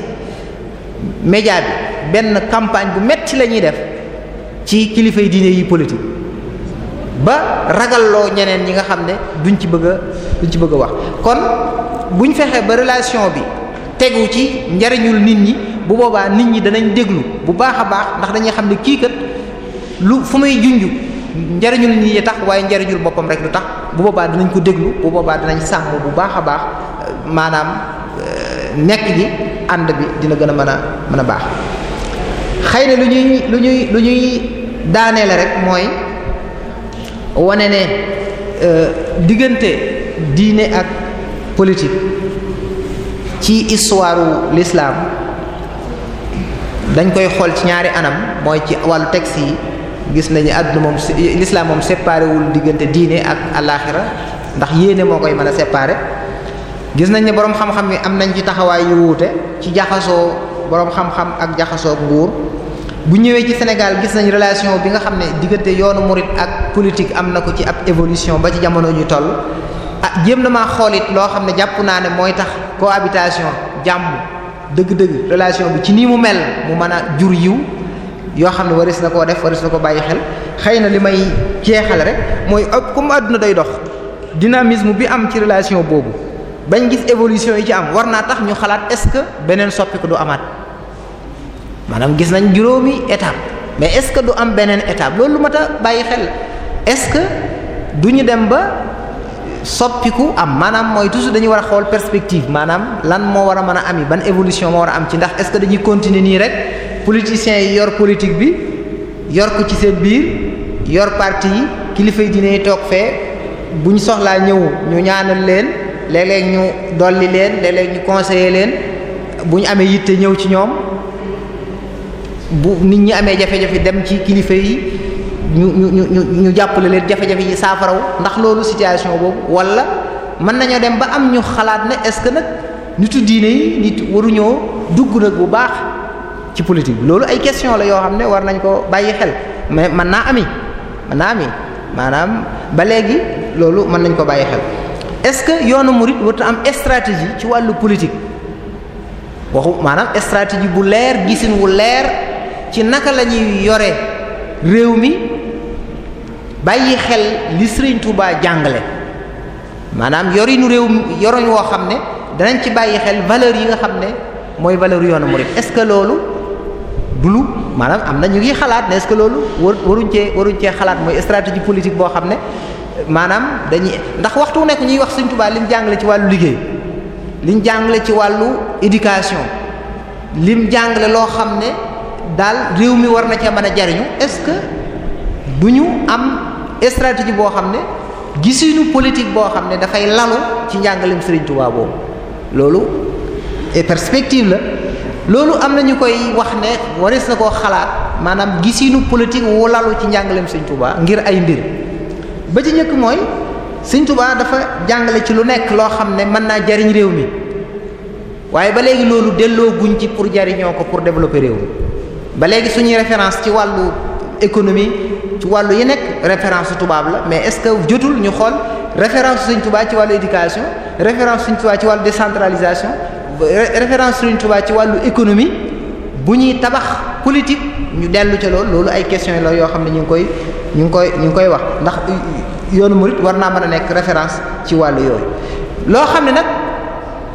média bi benn campagne bu metti lañuy def ci kilifa yi diine yi politique ba ragalloo ñeneen ñi nga xam ne duñ ci bëgg duñ ci bëgg wax kon buñ fexee ba relation bi tegu ci njariñul nit ñi bu boobaa nit ñi danañ déglu bu baax a baax ndax dañuy xam ne kii kat lu fu may junju njariñul ñi tax waaye njariñul boppam rek lu tax bu boobaa dinañ ko déglu bu boobaa dinañ sàmm bu baax a baax euh, maanaam euh, nekk gi ànd bi dina gën a mën a mën a baax xëy na lu ñuy lu ñuy lu ñuy daaneele rek mooy wane ne euh, diggante diine ak politique ci histoire lislaam dañ koy xool ci ñaari anam mooy ci wàllu texte yi gis nañu àdduna moom l'islam moom séparé diggante diine ak alaaxira ndax yéene moo koy mën a séparé gis nañ ne boroom xam-xam yi am nañ ci taxawaay yu wuute ci jaxasoo boroom xam ak jaxasoo nguur bu ñëwee ci Sénégal gis nañ relation bi nga xam ne diggante yoonu murit ak politique am na ko ci ab évolution ba ci jamono ñu toll ah jéem na maa xool it loo xam ne jàpp naa ne mooy tax cohabitation jàmm dëgg-dëgg relation bi ci nii mu mel mu mën a jur yiw yoo xam ne waris na koo def waris na ko bàyyi xel xëy na li may jeexal rek mooy ëpp comme àdduna day dox dinamisme bi am ci relation boobu bañ gis évolution yi ci am war naa tax ñu xalaat est-ce que beneen soppiku du amaat maanaam gis nañ juróomi étape mais est-ce que du am beneen étape loolu lu mat a bàyyi xel est-ce que du ñu dem ba soppiku am maanaam mooy toujours dañu war a xool perspective maanaam lan moo war a mën a am yi ban évolution moo war a am ci ndax est-ce que dañuy continuer nii rek. politiciens yi yor politique bi yor ko ci seen biir yor parti yi kilifa yi dinañ toog fee bu ñu soxlaa ñëw ñu ñaanal leen léeg-léeg ñu dolli leen léeg-léeg ñu conseiller leen bu ñu amee yitte ñëw ci ñoom bu nit ñi amee jafe-jafe dem ci kilifa yi ñu ñu ñu ñu jàppale leen jafe-jafe yi saafaraw ndax loolu situation boobu wala mën nañoo dem ba am ñu xalaat ne est-ce que nag nitu diine yi nit waruñoo dugg nag bu baax ci politique bi loolu ay question la yoo xam ne war nañ ko bàyyi xel mais mën naa ami mën naa ami maanaam ba léegi loolu mën nañ ko bàyyi xel est-ce que yoonu murid warut am stratégie ci wàllu politique waxu maanaam stratégie bu leer gisin wu leer ci naka la ñuy yore réew mi bàyyi xel li Sëriñ Tuubaa jàngale maanaam yorinu réew mi yoroñ woo xam ne danañ ci bàyyi xel valeur yi nga xam ne mooy valeur yoonu murid est-ce que loolu du maanaam am na ñu ngi xalaat ne est loolu war waruñ cee waruñ cee xalaat mooy stratégie politique boo xam ne maanaam dañuy ndax waxtu nekk ñuy wax Sëriñ Tuubaa li jàngale ci wàllu liggéey li ñu jàngale ci wàllu éducation lim jàngale loo xam ne daal réew mi war na cee mën a jariñu est-ce que du ñu am stratégie boo xam ne gisuñu politique boo xam ne dafay lalu ci njàngaleem Sëriñ Tuubaa loolu et perspective la. loolu am na ñu koy wax ne waris na koo xalaat maanaam gisinu politique wu lalu ci njàngaleem sëñ Touba ngir ay mbir ba ci njëkk mooy sëñ Touba dafa jàngale ci lu nekk loo xam ne mën naa jariñ réew mi waaye ba léegi loolu delloo guñ ci pour jariñoo ko pour développer réew mi ba léegi suñuy référence ci wàllu économie ci wàllu yi nekk référence tubaab la mais est-ce que jotul ñu xool référence Sëñ Touba ci wàllu éducation référence Sëñ Touba ci wàllu décentralisation référence Serigne tubaa ci wàllu économie bu ñuy tabax politique ñu dellu ca loolu loolu ay question la yoo xam ne ñu ngi koy ñu ngi koy ñu ngi koy wax ndax yoonu murid war naa mën a nekk référence ci wàllu yooyu loo xam ne nag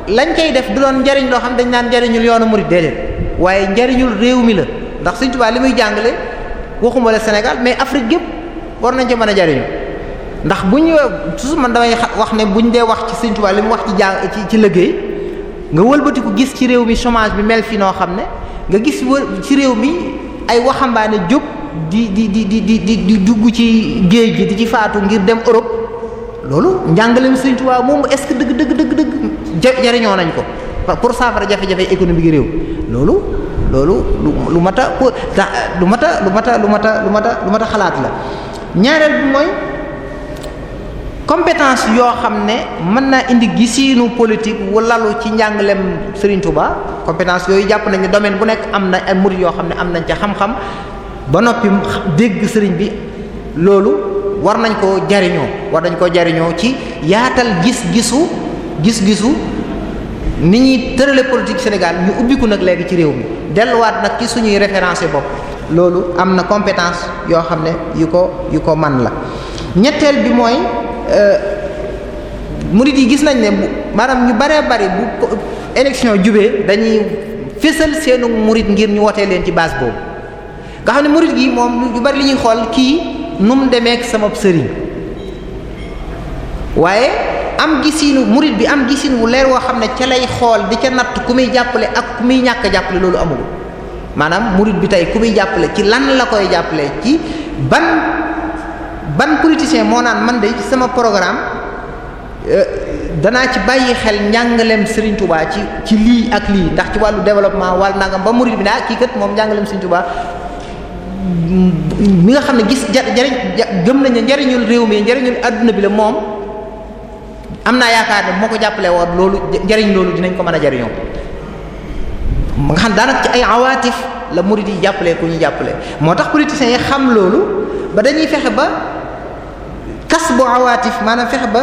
lañ koy def du doon njariñ loo xam ne dañ naan njariñul yoonu murid déedéet waaye njariñul réew mi la ndax Serigne Touba li muy jàngale waxuma la Sénégal mais Afrique gépp war nañ ca mën a jariñu ndax bu ñu toujours man damay wax ne bu ñu dee wax ci Serigne Touba li mu wax ci jàng ci liggéey nga walbatiku gis ci réew mi chômage bi mel fi noo xam ne nga gis ci réew mi ay waxambaane jóg di di di di di di dugg ci géej gi di ci faatu ngir dem Europe loolu njàngaleem Sëriñ Tuubaa moom est-ce que dëgg dëgg dëgg dëgg jariñoo nañ ko pour saafara jafe-jafe économique réew loolu loolu lu mat a lu mat a lu mat a lu mat a lu mat a xalaat la ñaareel bi mooy. compétence yoo xam ne mën naa indi gisiinu politique wu lalu ci njàngalem Serigne ba compétence yooyu jàpp nañu ne domaine bu nekk am na ay murid yoo xam ne am nañ ca xam-xam ba noppi dégg sëriñ bi loolu war nañ ko jariñoo war nañ koo jariñoo ci yaatal gis-gisu gis-gisu ni ñuy tërale politique Sénégal ñu ubbiku nag léegi ci réew mi delluwaat nag ci suñuy référence bopp loolu am na compétence yoo xam ne yu ko yu ko man la ñetteel bi mooy Euh, murid yi gis nañ ne maanaam ñu baree bari bu élection jubee dañuy fësal seenu murid ngir ñu wotee leen ci baas boobu nga xam ne murid gi moom ñu bari li ñuy xool kii nu mu demeek sama sëriñ waaye am gisiinu murid bi am gisiin wu leer woo xam ne ca lay xool di ca natt ku muy jàppale ak ku muy ñàkk jàppale loolu amul maanaam murid bi tey ku muy jàppale ci lan la koy jàppale ci ban ban politicien moo naan man de ci sama programme euh, danaa ci bàyyi xel njàngaleem Serigne Touba ci ci lii ak lii ndax ci wàllu développement wàllu nangam ba murid bi naa ah, kii kat moom njàngaleem Serigne Touba mi nga xam ne gis ja jariñ gëm nañ ne njariñul réew mi njariñul àdduna bi la moom am naa yaakaar ne moo ko jàppale woon loolu njariñ loolu dinañ ko mën a jariñoo nga xam daanaka ci ay awaatif la murid yi jàppalee ku ñu jàppale moo tax politiciens yi xam loolu ba dañuy fexe ba kas bu awaatif maanaam fexe ba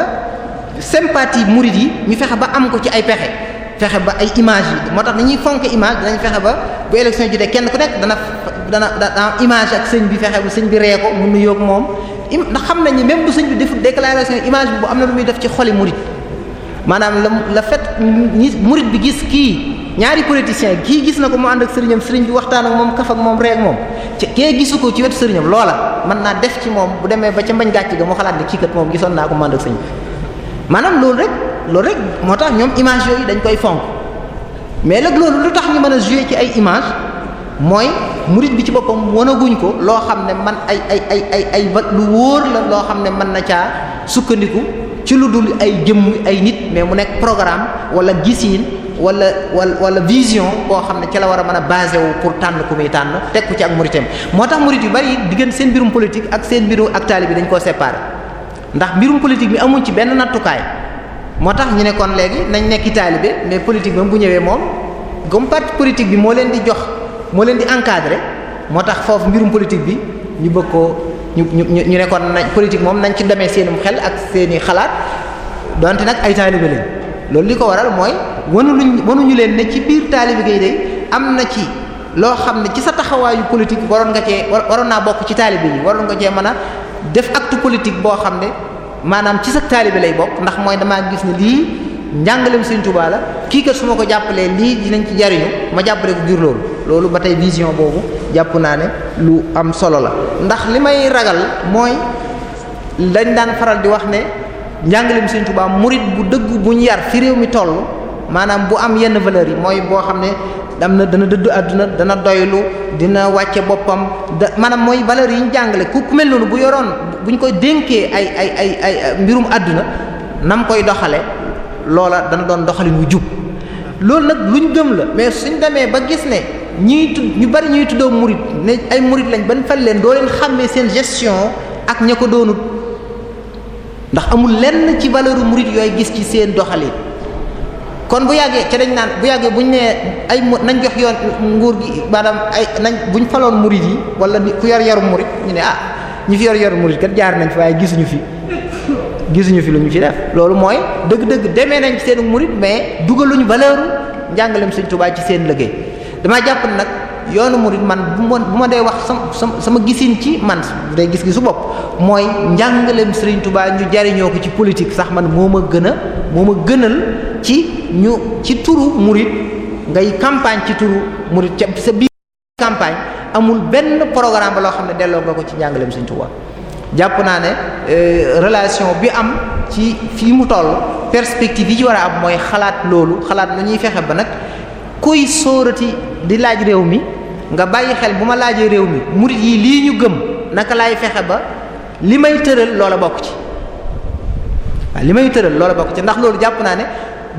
sympathie murid yi ñu fexe ba am ko ci ay pexe fexe ba ay image yi moo tax dañuy fonk image danañ fexe ba bu élection yi kenn ku dana dana dana image ak sëñ bi fexe bu sëñ bi ree ko mun nu yoog moom ndax xam nañ ni même bu sëñ bi defut déclaration image bi bu am na lu muy def ci xoli murid maanaam la la fait bi gis kii ñaari politiciens kii gis na ko mu ànd ak sëriñam sëriñ bi waxtaan ak moom kaf ak moom reeg moom ci kee gisu ko ci wetu sëriñam loola mën naa def ci moom bu demee ba ca mbañ gàcc ga mu xalaat ne kii kat moom gisoon naa ko mu ànd ak sëriñ bi maanaam loolu rek loolu rek moo tax ñoom image yooyu dañ koy fonk mais nag loolu lu tax ñu mën a jouer ci ay image mooy murid bi ci boppam wanaguñ ko loo xam ne man ay ay ay ay ay lu wóor la loo xam ne mën na caa sukkandiku ci lu dul ay jëmm ay nit mais mu nekk programme wala gisiin wala wala wala vision koo xam ne ci la war a mën a basé wu pour tànn ku muy tànn teg ko ci ak muritam moo tax murit yu bari diggante seen mbirum politique ak seen mbiru ak taalibe bi dañ koo séparé ndax mbirum politique bi amuñ ci benn nattukaay moo tax ñu ne kon léegi nañ nekki taalibe mais politique moom bu ñëwee moom comme politique bi moo leen di jox moo leen di encadré moo tax foofu mbirum politique bi ñu bëgg koo ñu ñu ñu ne kon nañ moom nañ ci demee seenum xel ak seeni xalaat donte nag ay taalibe lañ loolu li ko waral mooy. wanuñu wanuñu leen ne ci biir taalibe gi de am na ci loo xam ne ci sa taxawaayu politique waroon nga cee waroon naa bokk ci taalibe yi waroon nga cee mën a def acte politique boo xam ne maanaam ci sa taalibe lay bokk ndax mooy damaa gis ne lii njàngaleem Sëriñ Tuubaa la kii kat su ma ko jàppalee lii dinañ ci jariñu ma jàppale ko ngir loolu loolu ba tey vision boobu jàpp naa ne lu am solo la ndax li may ragal mooy dañ daan faral di wax ne njàngaleem Sëriñ Tuubaa murit bu dëgg yar fi réew mi toll maanaam bu am yenn valeur yi mooy boo xam ne dam na dana dëddu àdduna dana doylu dina wàcce boppam maanaam mooy valeur yi ñu jàngale ku ku noonu bu yoroon bu ñu koy dénkee ay ay ay mbirum àdduna nam koy doxale loola dana doon doxalin wu jub loolu nag lu ñu gëm la mais suñ demee ba gis ne ñiy tudd ñu bari ñuy tuddoo murit ne ay murit lañ ban fal leen doo leen xàmmee seen gestion ak ña ko doonut ndax amul lenn ci valeur murit yooyu gis ci seen doxalin kon bu yàggee ci dañ naan bu yàggee buñ nee ay nañ jox yoon nguur gi maanaam ay nañ ñu faloon murid yi wala ku yor yaru murid ñu ne ah ñi fi yor yaru murid kat jaar nañ fi waaye gisuñu fi gisuñu fi lu ñu fi def loolu mooy dëgg-dëgg demee nañ ci seen murid mais dugaluñu valeur njàngaleem Sëriñ Tuubaa ci seen liggéey dama jàpp nag yoonu murid man bu ma bu ma dee wax sama sama sama gisin ci man day gis-gisu bopp mooy njàngaleem Serigne tubaa ñu jariñoo ko ci politique sax man moo ma gën a moo ma gënal ci ñu ci turu murid ngay campagne ci turu murid ca sa biir campagne amul benn programme ba loo xam ne delloo nga ko ci njàngaleem Serigne Touba jàpp naa ne euh, relation bi am ci fii mu toll perspective yi ci war a am mooy xalaat loolu xalaat lu ñuy fexe ba nag kuy sóorati di laaj réew mi nga bàyyi xel bu ma laajee réew mi murit yi lii ñu gëm naka laay fexe ba li may tëral loola bokk ci li may tëral loola bokk ci ndax loolu jàpp naa ne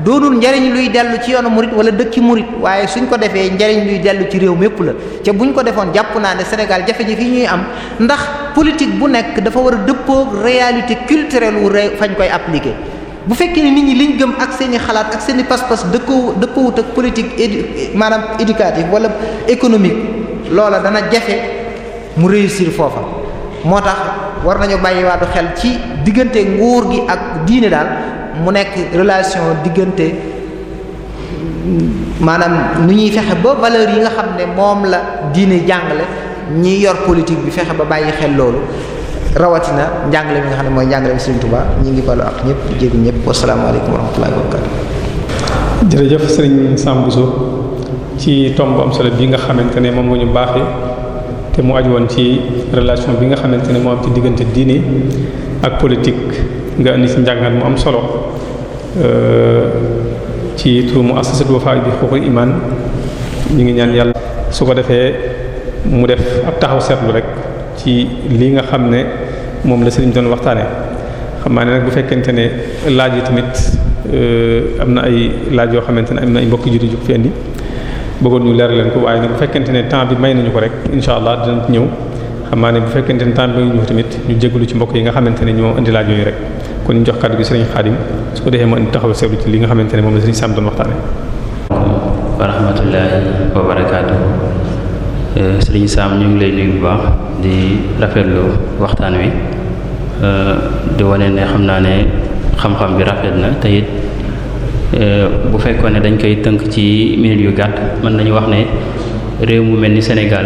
doonul njariñ luy dellu ci yoonu murit wala dëkki murit waaye suñ ko defee njariñ luy dellu ci réew mépp la ca buñ ko defoon jàpp naa ne Sénégal jafe-jafe yi ñuy am ndax politique bu nekk dafa war a dëppoo réalité culturelle wu fañ koy appliquer bu fekkee ne nit ñi liñ gëm ak seeni xalaat ak seen i pas-pas dëppoo dëppoowut ak politique maanaam éducative wala économique loola dana jafe mu réussir foofa moo tax war nañu bàyyiwaatu xel ci diggante nguur gi ak diine daal mu nekk relation diggante maanaam nu ñuy fexe ba valeur yi nga xam ne moom la diine jàngale ñiy yor politique bi fexe ba bàyyi xel loolu rawatina njàngale mi nga xam ne mooy njàngale mi Sëriñ Tuubaa ñu ngi balu ak ñëpp jéegu ñëpp wasalaamaaleykum wa rahmatullahi wa barakatu jërëjëf Sëriñ Sam ci tomb am solo bi nga xamante ne moom nga ñu te mu aju woon ci relation bi nga xamante ne moo ci diggante diine ak politique nga indi ci njàngat mu am solo euh, ci turu mu assasatul Wafa bi xuququl ñu ngi ñaan yàlla su ko defee mu def ab taxaw seetlu rek ci li nga xam ne moom la sëriñ doon waxtaane xam naa ne nag bu fekkente ne laaj yi tamit euh, am na ay laaj yoo xamante ne am na ay mbokki judi jug fi indi bëggoon ñu leer leen ko waaye nag bu fekkente ne temps bi may nañu ko rek incha allah dinañ ñëw xam naa ne bu fekkente ne temps bi may ñëw tamit ñu jégalu ci mbokk yi nga xamante ne ñoo indi laaj yooyu rek kon ñu jox kàddu gi sëriñ Xaadim su ko defee ma indi taxaw seetlu ci li nga xamante ne moom la sëriñ Sam doon waxtaane wa sëriñ Saam ñu ngi lay nuyu bu baax di rafetlu waxtaan wi euh, di wane ne xam naa ne xam-xam bi rafet na te it euh, bu fekkoon ne dañ koy tënk ci minutes yu gàtt mën nañu wax ne réew mu mel ni Sénégal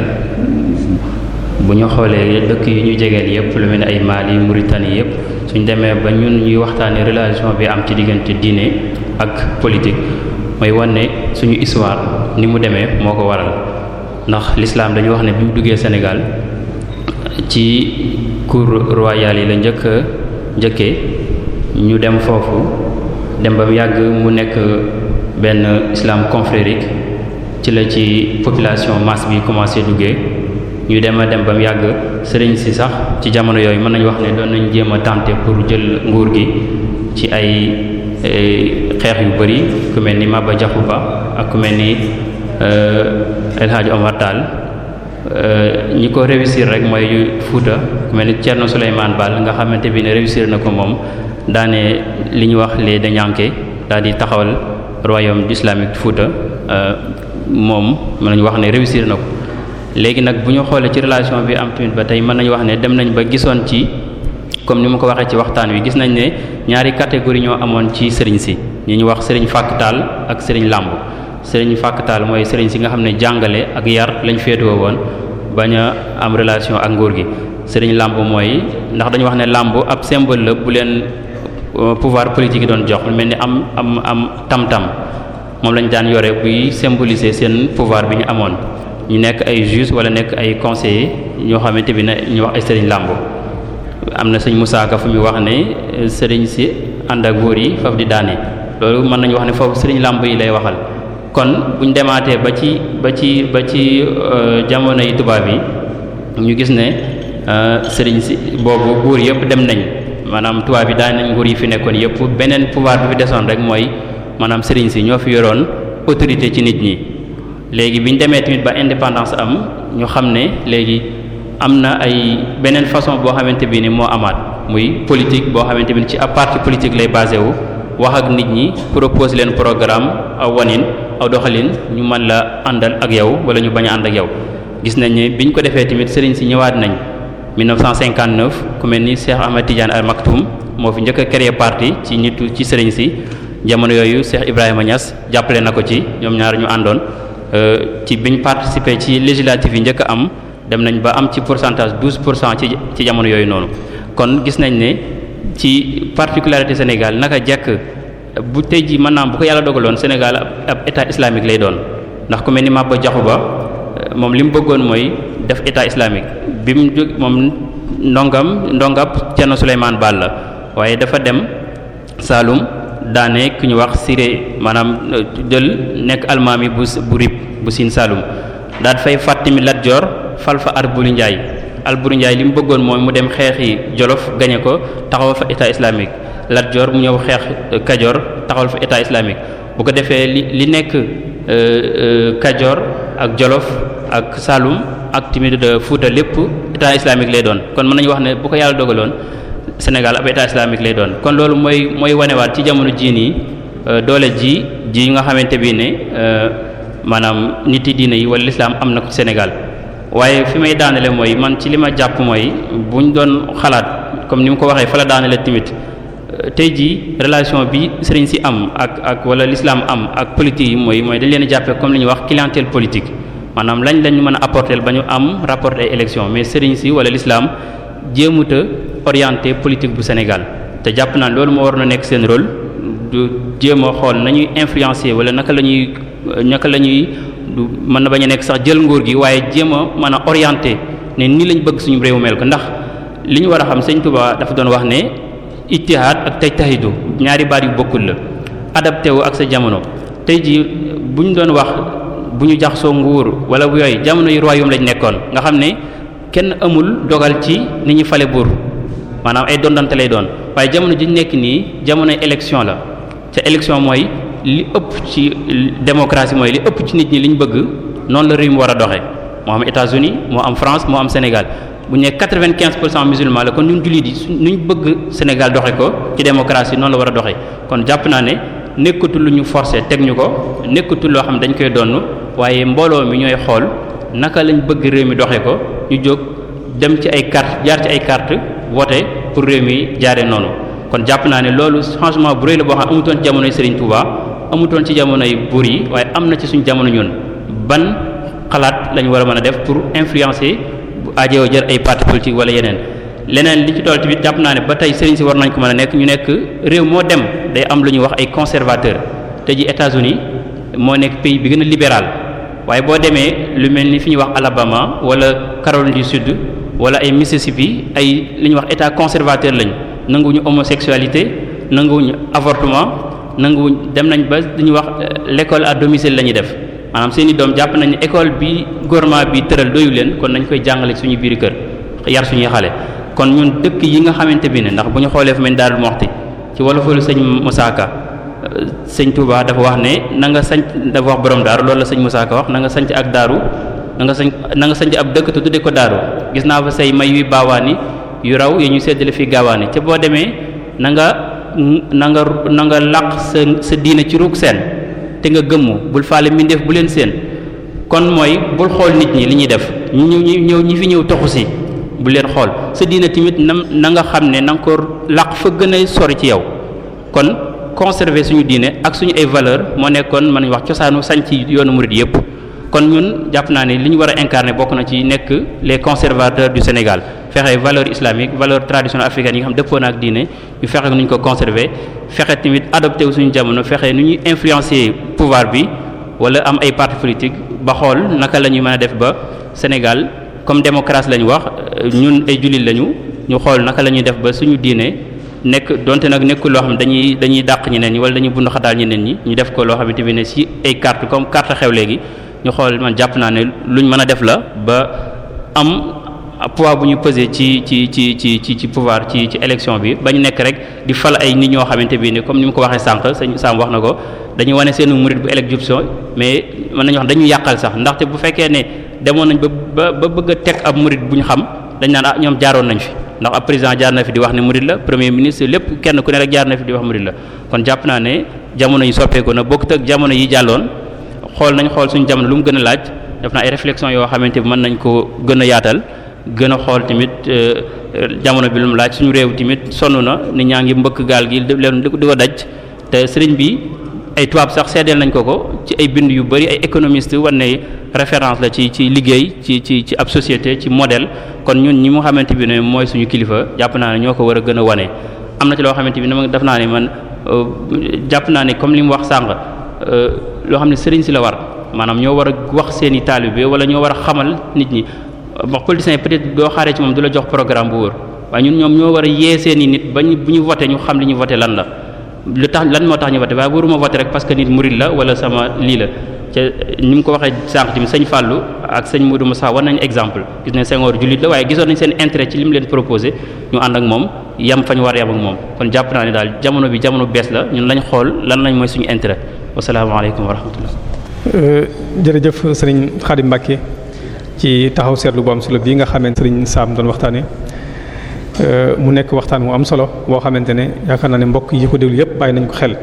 bu ñu xoolee dëkk yi ñu jegeel yépp lu mel ni ay Mali Mauritanie yépp suñ demee ba ñun ñuy waxtaanee relation bi am ci diggante diine ak politique mooy wane suñu histoire ni mu demee moo ko waral. ndax lislaam dañu wax ne bi mu duggee senegal ci cour royale yi la njëkk njëkkee ñu dem foofu dem ba mu yàgg mu nekk benn islam confrérique ci la ci population masse bi commencé duggee ñu dem a dem ba mu yàgg sëriñ si sax ci jamono yooyu mën nañu wax ne doon nañ jéem a tenter pour jël nguur gi ci ay eh, xeex yu bari ku mel ni Maba Diakhou Ba ak ku mel ni. Euh, El Hadj Omar Tall euh, ñi ko réussir rek mooy yu Fuuta mel ni Thierno Souleymane Ball nga xamante bi ne réussir na ko moom daane li ñu wax les Dañanke daal di taxawal royaume islamique Fuuta euh, moom mën nañu wax ne réussir na ko léegi nag bu ñu xoolee ci relation bi am tamit ba tey mën nañu wax ne dem nañ ba gisoon ci comme ni ma ko waxee ci waxtaan wi gis nañ ne ñaari catégorie ñoo amoon ci sëriñ si ñi ñu wax sëriñ Fàkk Tall ak sëriñ Lamb sëriñ fàkkataal mooy sëriñ si nga xam ne jàngale ak yar lañu féetewoo woon bañ a am relation ak nguur gi sëriñ làmb mooy ndax dañu wax ne làmb ab symbole la bu leen euh, pouvoir politique yi doon jox mel ni am am am tam-tam moom lañ daan yore buy symboliser seen pouvoir bi ñu amoon ñu nekk ay juge walla nekk ay conseiller ñoo xamante bi ne ñu wax ay sëriñ làmb am na sëñ Moussa Ka fu muy wax ne sëriñ si ànd ak góor yi foofu di daane loolu mën nañu wax ne foofu kon bu ñu demaatee ba ci ba ci ba ci euh, jamono yi tubaab yi ñu gis ne euh, sëriñ si boobu buur yëpp dem nañ maanaam tubaab yi daan nañ nguur yi fi nekkoon yëpp beneen pouvoir bi desoon rek mooy maanaam sëriñ si ñoo fi yoroon autorité ci nit ñi léegi bi ñu demee tamit ba indépendance am ñu xam ne léegi am na ay beneen façon boo xamante bi ni moo amaat muy politique boo xamante bi ni ci ab parti politique lay basé wu wax ak nit ñi propose leen programme aw aw doxalin ñu mën la àndal ak yow wala ñu bañ a ànd ak yow gis nañ ne biñ ko defee tamit sëriñ si ñëwaat nañ 1959 ku mel ni Cheikh Ahmed Tidiane Al Maktoum moo fi njëkk a parti ci nitu ci sëriñ si jamono yooyu seex Ibrahima ñas jàppale na ko ci ñoom ñaar ñu àndoon euh, ci biñ participer ci législative yi njëkk am dem nañ ba am ci pourcentage 12 pour cent ci ci jamono yooyu noonu kon gis nañ ne ci particularité Sénégal naka jekk bu tey jii mën naa bu ko yàlla dogaloon Sénégal ab état islamique lay doon ndax ku mel ni Maba Diakhou Ba euh, moom li mu bëggoon mooy def état islamique bi mu jóg moom ndongam ndongab Thierno Souleymane Baal la waaye dafa dem Saalum daane ki ñu wax Siré maanaam euh, jël nekk almaami bu bu rib bu Sine Saalum daal fay fàttimi Lat Joor fal fa Alburi Njaay Alburi Njaay li mu bëggoon mooy mu dem xeexi Jolof gañe ko taxawa fa état islamique Lat Joor mu ñëw xeex Kajoor taxawal fa état islamique bu ko defee li li nekk euh, euh, Kajoor ak Jolof ak Saalum ak timit de euh, Fuuta lépp état islamique lay doon kon mën nañu wax ne bu ko yàlla dogaloon Sénégal ab état islamique lay doon kon loolu mooy mooy wanewaat ci jamono jii nii doole ji ji nga xamante bii ne maanaam nit yi diine yi wala lislaam am na Sénégal waaye fi may daanale mooy man ci li ma jàpp mooy buñ doon xalaat comme ni mu ko waxee fa la daanale tey jii relation bi sëriñ si am ak ak wala lislaam am ak politique yi mooy mooy dañ leen jàppee comme li ñuy wax clientèle politique maanaam lañ lañ mën a apporter ba ñu am rapport ay élection mais sëriñ si wala l'islam jéemut a orienté politique bu Sénégal te jàpp naa loolu moo war na nekk seen rôle du jéem a xool nañuy influencer wala naka la ñuy naka la ñuy du mën na bañ nekk sax jël nguur gi waaye jéem a mën a orienté ne nii lañ bëgg suñu réew mel ko ndax li ñu war a xam sëñ Touba dafa doon wax ne ittihaad ak tajtahidu ñaari baat yu bokkul la adapté wu ak sa jamono tey jii bu ñu doon wax bu ñu jaxasoo nguur wala bu yooyu jamono yi royaume lañ nekkoon nga xam ne kenn amul dogal ci ni ñu fale buur maanaam ay dondante lay doon waaye jamono ji nekk nii jamonoy élection la te élection mooy li ëpp ci démocratie mooy li ëpp ci nit ñi liñ bëgg noonu la réew mi war a doxe moo am États-Unis moo am France moo am Sénégal bu ñu nee quatre vingt pour cent musulmans la kon ñun jullit yi nu ñu bëgg Sénégal doxe ko ci démocratie noonu la war a doxe kon jàpp naa ne nekkatul lu ñu forcé teg ñu ko nekkatul loo xam ne dañu koy donn waaye mbooloo mi ñooy xool naka lañ bëgg réew mi doxee ko ñu jóg dem ci ay carte jaar ci ay carte woote pour réew mi jaaree noonu kon jàpp naa ne loolu changement bu rëy la boo xam amutoon ci jamonoy Serigne Touba amutoon ci jamonoy buur yi waaye am na ci suñu jamono ñun ban xalaat lañ war a mën a def pour influencer. ajoo jël ay parti politique wala yeneen leneen li ci dool tamit jàpp naa ne ba tey sëriñ si war nañ ko mën a nekk ñu nekk réew moo dem day am lu ñuy wax ay conservateur te ji États-Unis moo nekk pays bi gën a libéral waaye boo demee lu mel ni fi ñuy wax Alabama wala Caroline du Sud wala ay Mississippi ay lu ñuy wax état conservateur lañ nanguwuñu homosexualité nanguwuñu avortement nanguwuñ dem nañ ba li ñuy wax euh, lekkool à domicile la ñuy def maanaam seen i doom jàpp nañu école bi gouvernement bi tëral doyu leen kon nañ koy jàngale suñu biiru kër yar suñuy xale kon ñun dëkk yi nga xamante bi ne ndax bu ñu xoolee fu mel Daaru Muxti ci wolofalu sëñ Musaa Ka euh, sëñ Touba dafa wax ne na nga sanc dafa wax borom daaru loolu la sañ Musaa Ka wax na nga sanc ak daaru na nga sanc na nga sanc ab dëkk te tudde ko daaru gis naa fa say may wi baawaani yu raw yi ñu seddale fii gaawaani ca boo demee nanga nanga na nga na nga laq sa sa diine ci ruug seen te nga gëmmu bul faale mbindeef bu leen seen kon mooy bul xool nit ñi li ñuy def ñu ñu ñëw ñi fi ñëw toxu si bu leen xool sa diina tamit na na nga xam ne na nga ko laq fa gën a sori ci yow kon conserver suñu diine ak suñu ay valeur moo nekkoon man wax cosaanu sanc yoonu murid yépp kon ñun jàpp naa ne li ñu war a incarner bokk na ci nekk les conservateurs du Sénégal fexe valeur islamique valeur traditionnelle africaine yi nga xam dëppoo na ak diine ñu fexe nu ñu ko conserver fexe tamit adopté wu suñu jamono fexe nu ñuy influencer pouvoir bi wala am ay parti politique ba xool naka la ñuy mën a def ba Sénégal comme démocratie la ñu wax ñun ay jullit lañu ñu xool naka la ñuy def ba suñu diine. nekk donte nag nekkul loo xam ne dañuy dañuy dàq ñeneen ñi wala dañuy bund xataal ñeneen ñi ñu def ko loo xamante bi ne ci ay carte comme carte xew léegi ñu xool man jàpp naa ne luñ mën a def la ba am poids bu ñu peser ci ci ci ci ci ci pouvoir ci ci élection bi bañ nekk rek di fal ay nit ñoo xamante bi ni comme ni mu ko waxee sànq sëñ Sam wax na ko dañuy wane seenu murid bu élection mais mën nañu wax dañu yàqal sax ndaxte bu fekkee ne demoon nañ ba ba bëgg a teg ab murid bu ñu xam dañ naan ah ñoom jaaroon nañ fi ndax ab président jaar na fi di wax ne murid la premier ministre lépp kenn ku ne rek jaar fi di wax murid la kon xool nañ xool suñu jamono lu mu gën a laaj def na ay réflexion yoo xamante bi mën nañ ko gën a yaatal gën a xool tamit euh, euh, jamono bi lu mu laaj suñu réew tamit sonn na nit ñaa ngi mbëkk gaal gi leen di ko daj te sëriñ bi ay tuwaab sax seddal nañ ko ko ci ay bind yu bari ay économiste wane ne référence la ci ci liggéey ci ci ci ab société ci modèle kon ñun ñi mu xamante bi ne mooy suñu kilifa jàpp naa ne ñoo ko war a gën a wane am na ci loo xamante bi daf naa ne man euh, jàpp naa ne comme li mu wax sànq Euh, loo xam ne sëriñ si la war maanaam ñoo war a wax seen i taalibe wala ñoo war a xamal nit ñi wax politiciens yi peut-être doo xaaree ci moom du la jox programme bu wóor waaye ñun ñoom ñoo war a yee seen i nit bañ bu ñu voté ñu xam li ñu voté lan la lu tax lan moo tax ñu voté waaye waruma voté rek que nit murid la wala sama lii la ca ni mu ko waxee sànq tamit sëñ Fallou ak sëñ Modou Moussa war nañ exemple gis ne Senghor jullit la waaye gisoon nañ seen intérêt ci li mu leen proposé ñu ànd ak moom yam fa ñu war a yam ak moom kon jàpp naa ne daal jamono bi jamono bees la ñun lañ xool lan lañ mooy suñu intérêt wasalaamaaleykum wa rahmatullah euh, jërëjëf sëriñ ci taxaw seetlu bu am solo bii nga xamante sëriñ Saam doon waxtaane euh, mu nekk waxtaan mu am solo boo xamante ne yaakaar naa ne mbokk yi ko déglu yëpp bàyyi nañ ko xel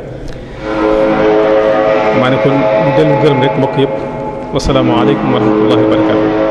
maa ne kon dellu gërëm rek mbokk yëpp wasalaamaaleykum wa rahmatullahi wa